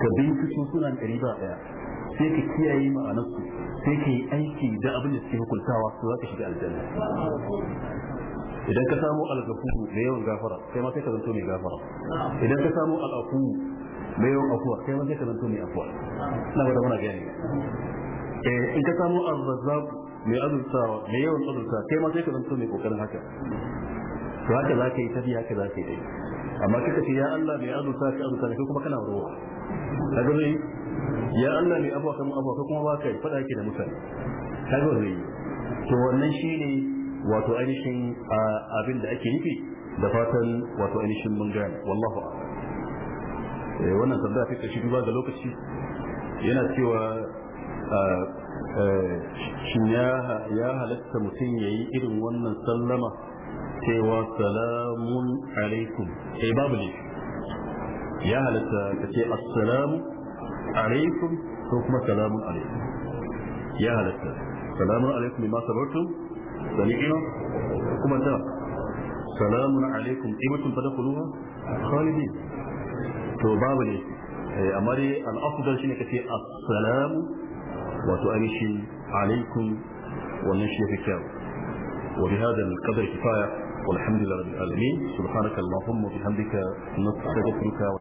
ka binciko suna ɗari ba da sai ka kiyaye ma'anarsu sai ka yi aiki da abin da suke hukuntawa su za ka shiga aljanna idan ka samu algafuru da yawan gafara kai ma sai ka zanto mai gafara idan ka samu al'afu da yawan afuwa kai ma sai ka zanto mai afuwa na ba da muna gani in ka samu arzazaku mai azurtawa mai yawan azurta kai ma sai ka zanto mai kokarin haka to haka za ka yi tafiya haka za ka yi dai amma kika ce ya Allah mai azurta ka azurta ne kuma kana rowa ka ga ya Allah mai abuwa kan abuwa ka kuma ba ka faɗa yake da mutane ka ga zai to wannan shine wato ainihin abin da ake nufi da fatan wato ainihin mun gane wallahu a'lam eh, wannan tambaya ta kashi duba da lokaci yana cewa Eh, shin ya halatta mutum ya yi irin wannan sallama cewa salamun alaikum eh babu ne ya halatta ka ce assalamu alaikum ko kuma salamun alaikum ya halatta salamun alaikum ma sabartum sami'ina kuma da salamun alaikum imatum fadakuluha khalidin to babu ne eh, amma dai al-afdal shine kace assalamu وتؤنشي عليكم ونشي فكاو وبهذا القدر كفاية والحمد لله رب العالمين سبحانك اللهم وبحمدك نستغفرك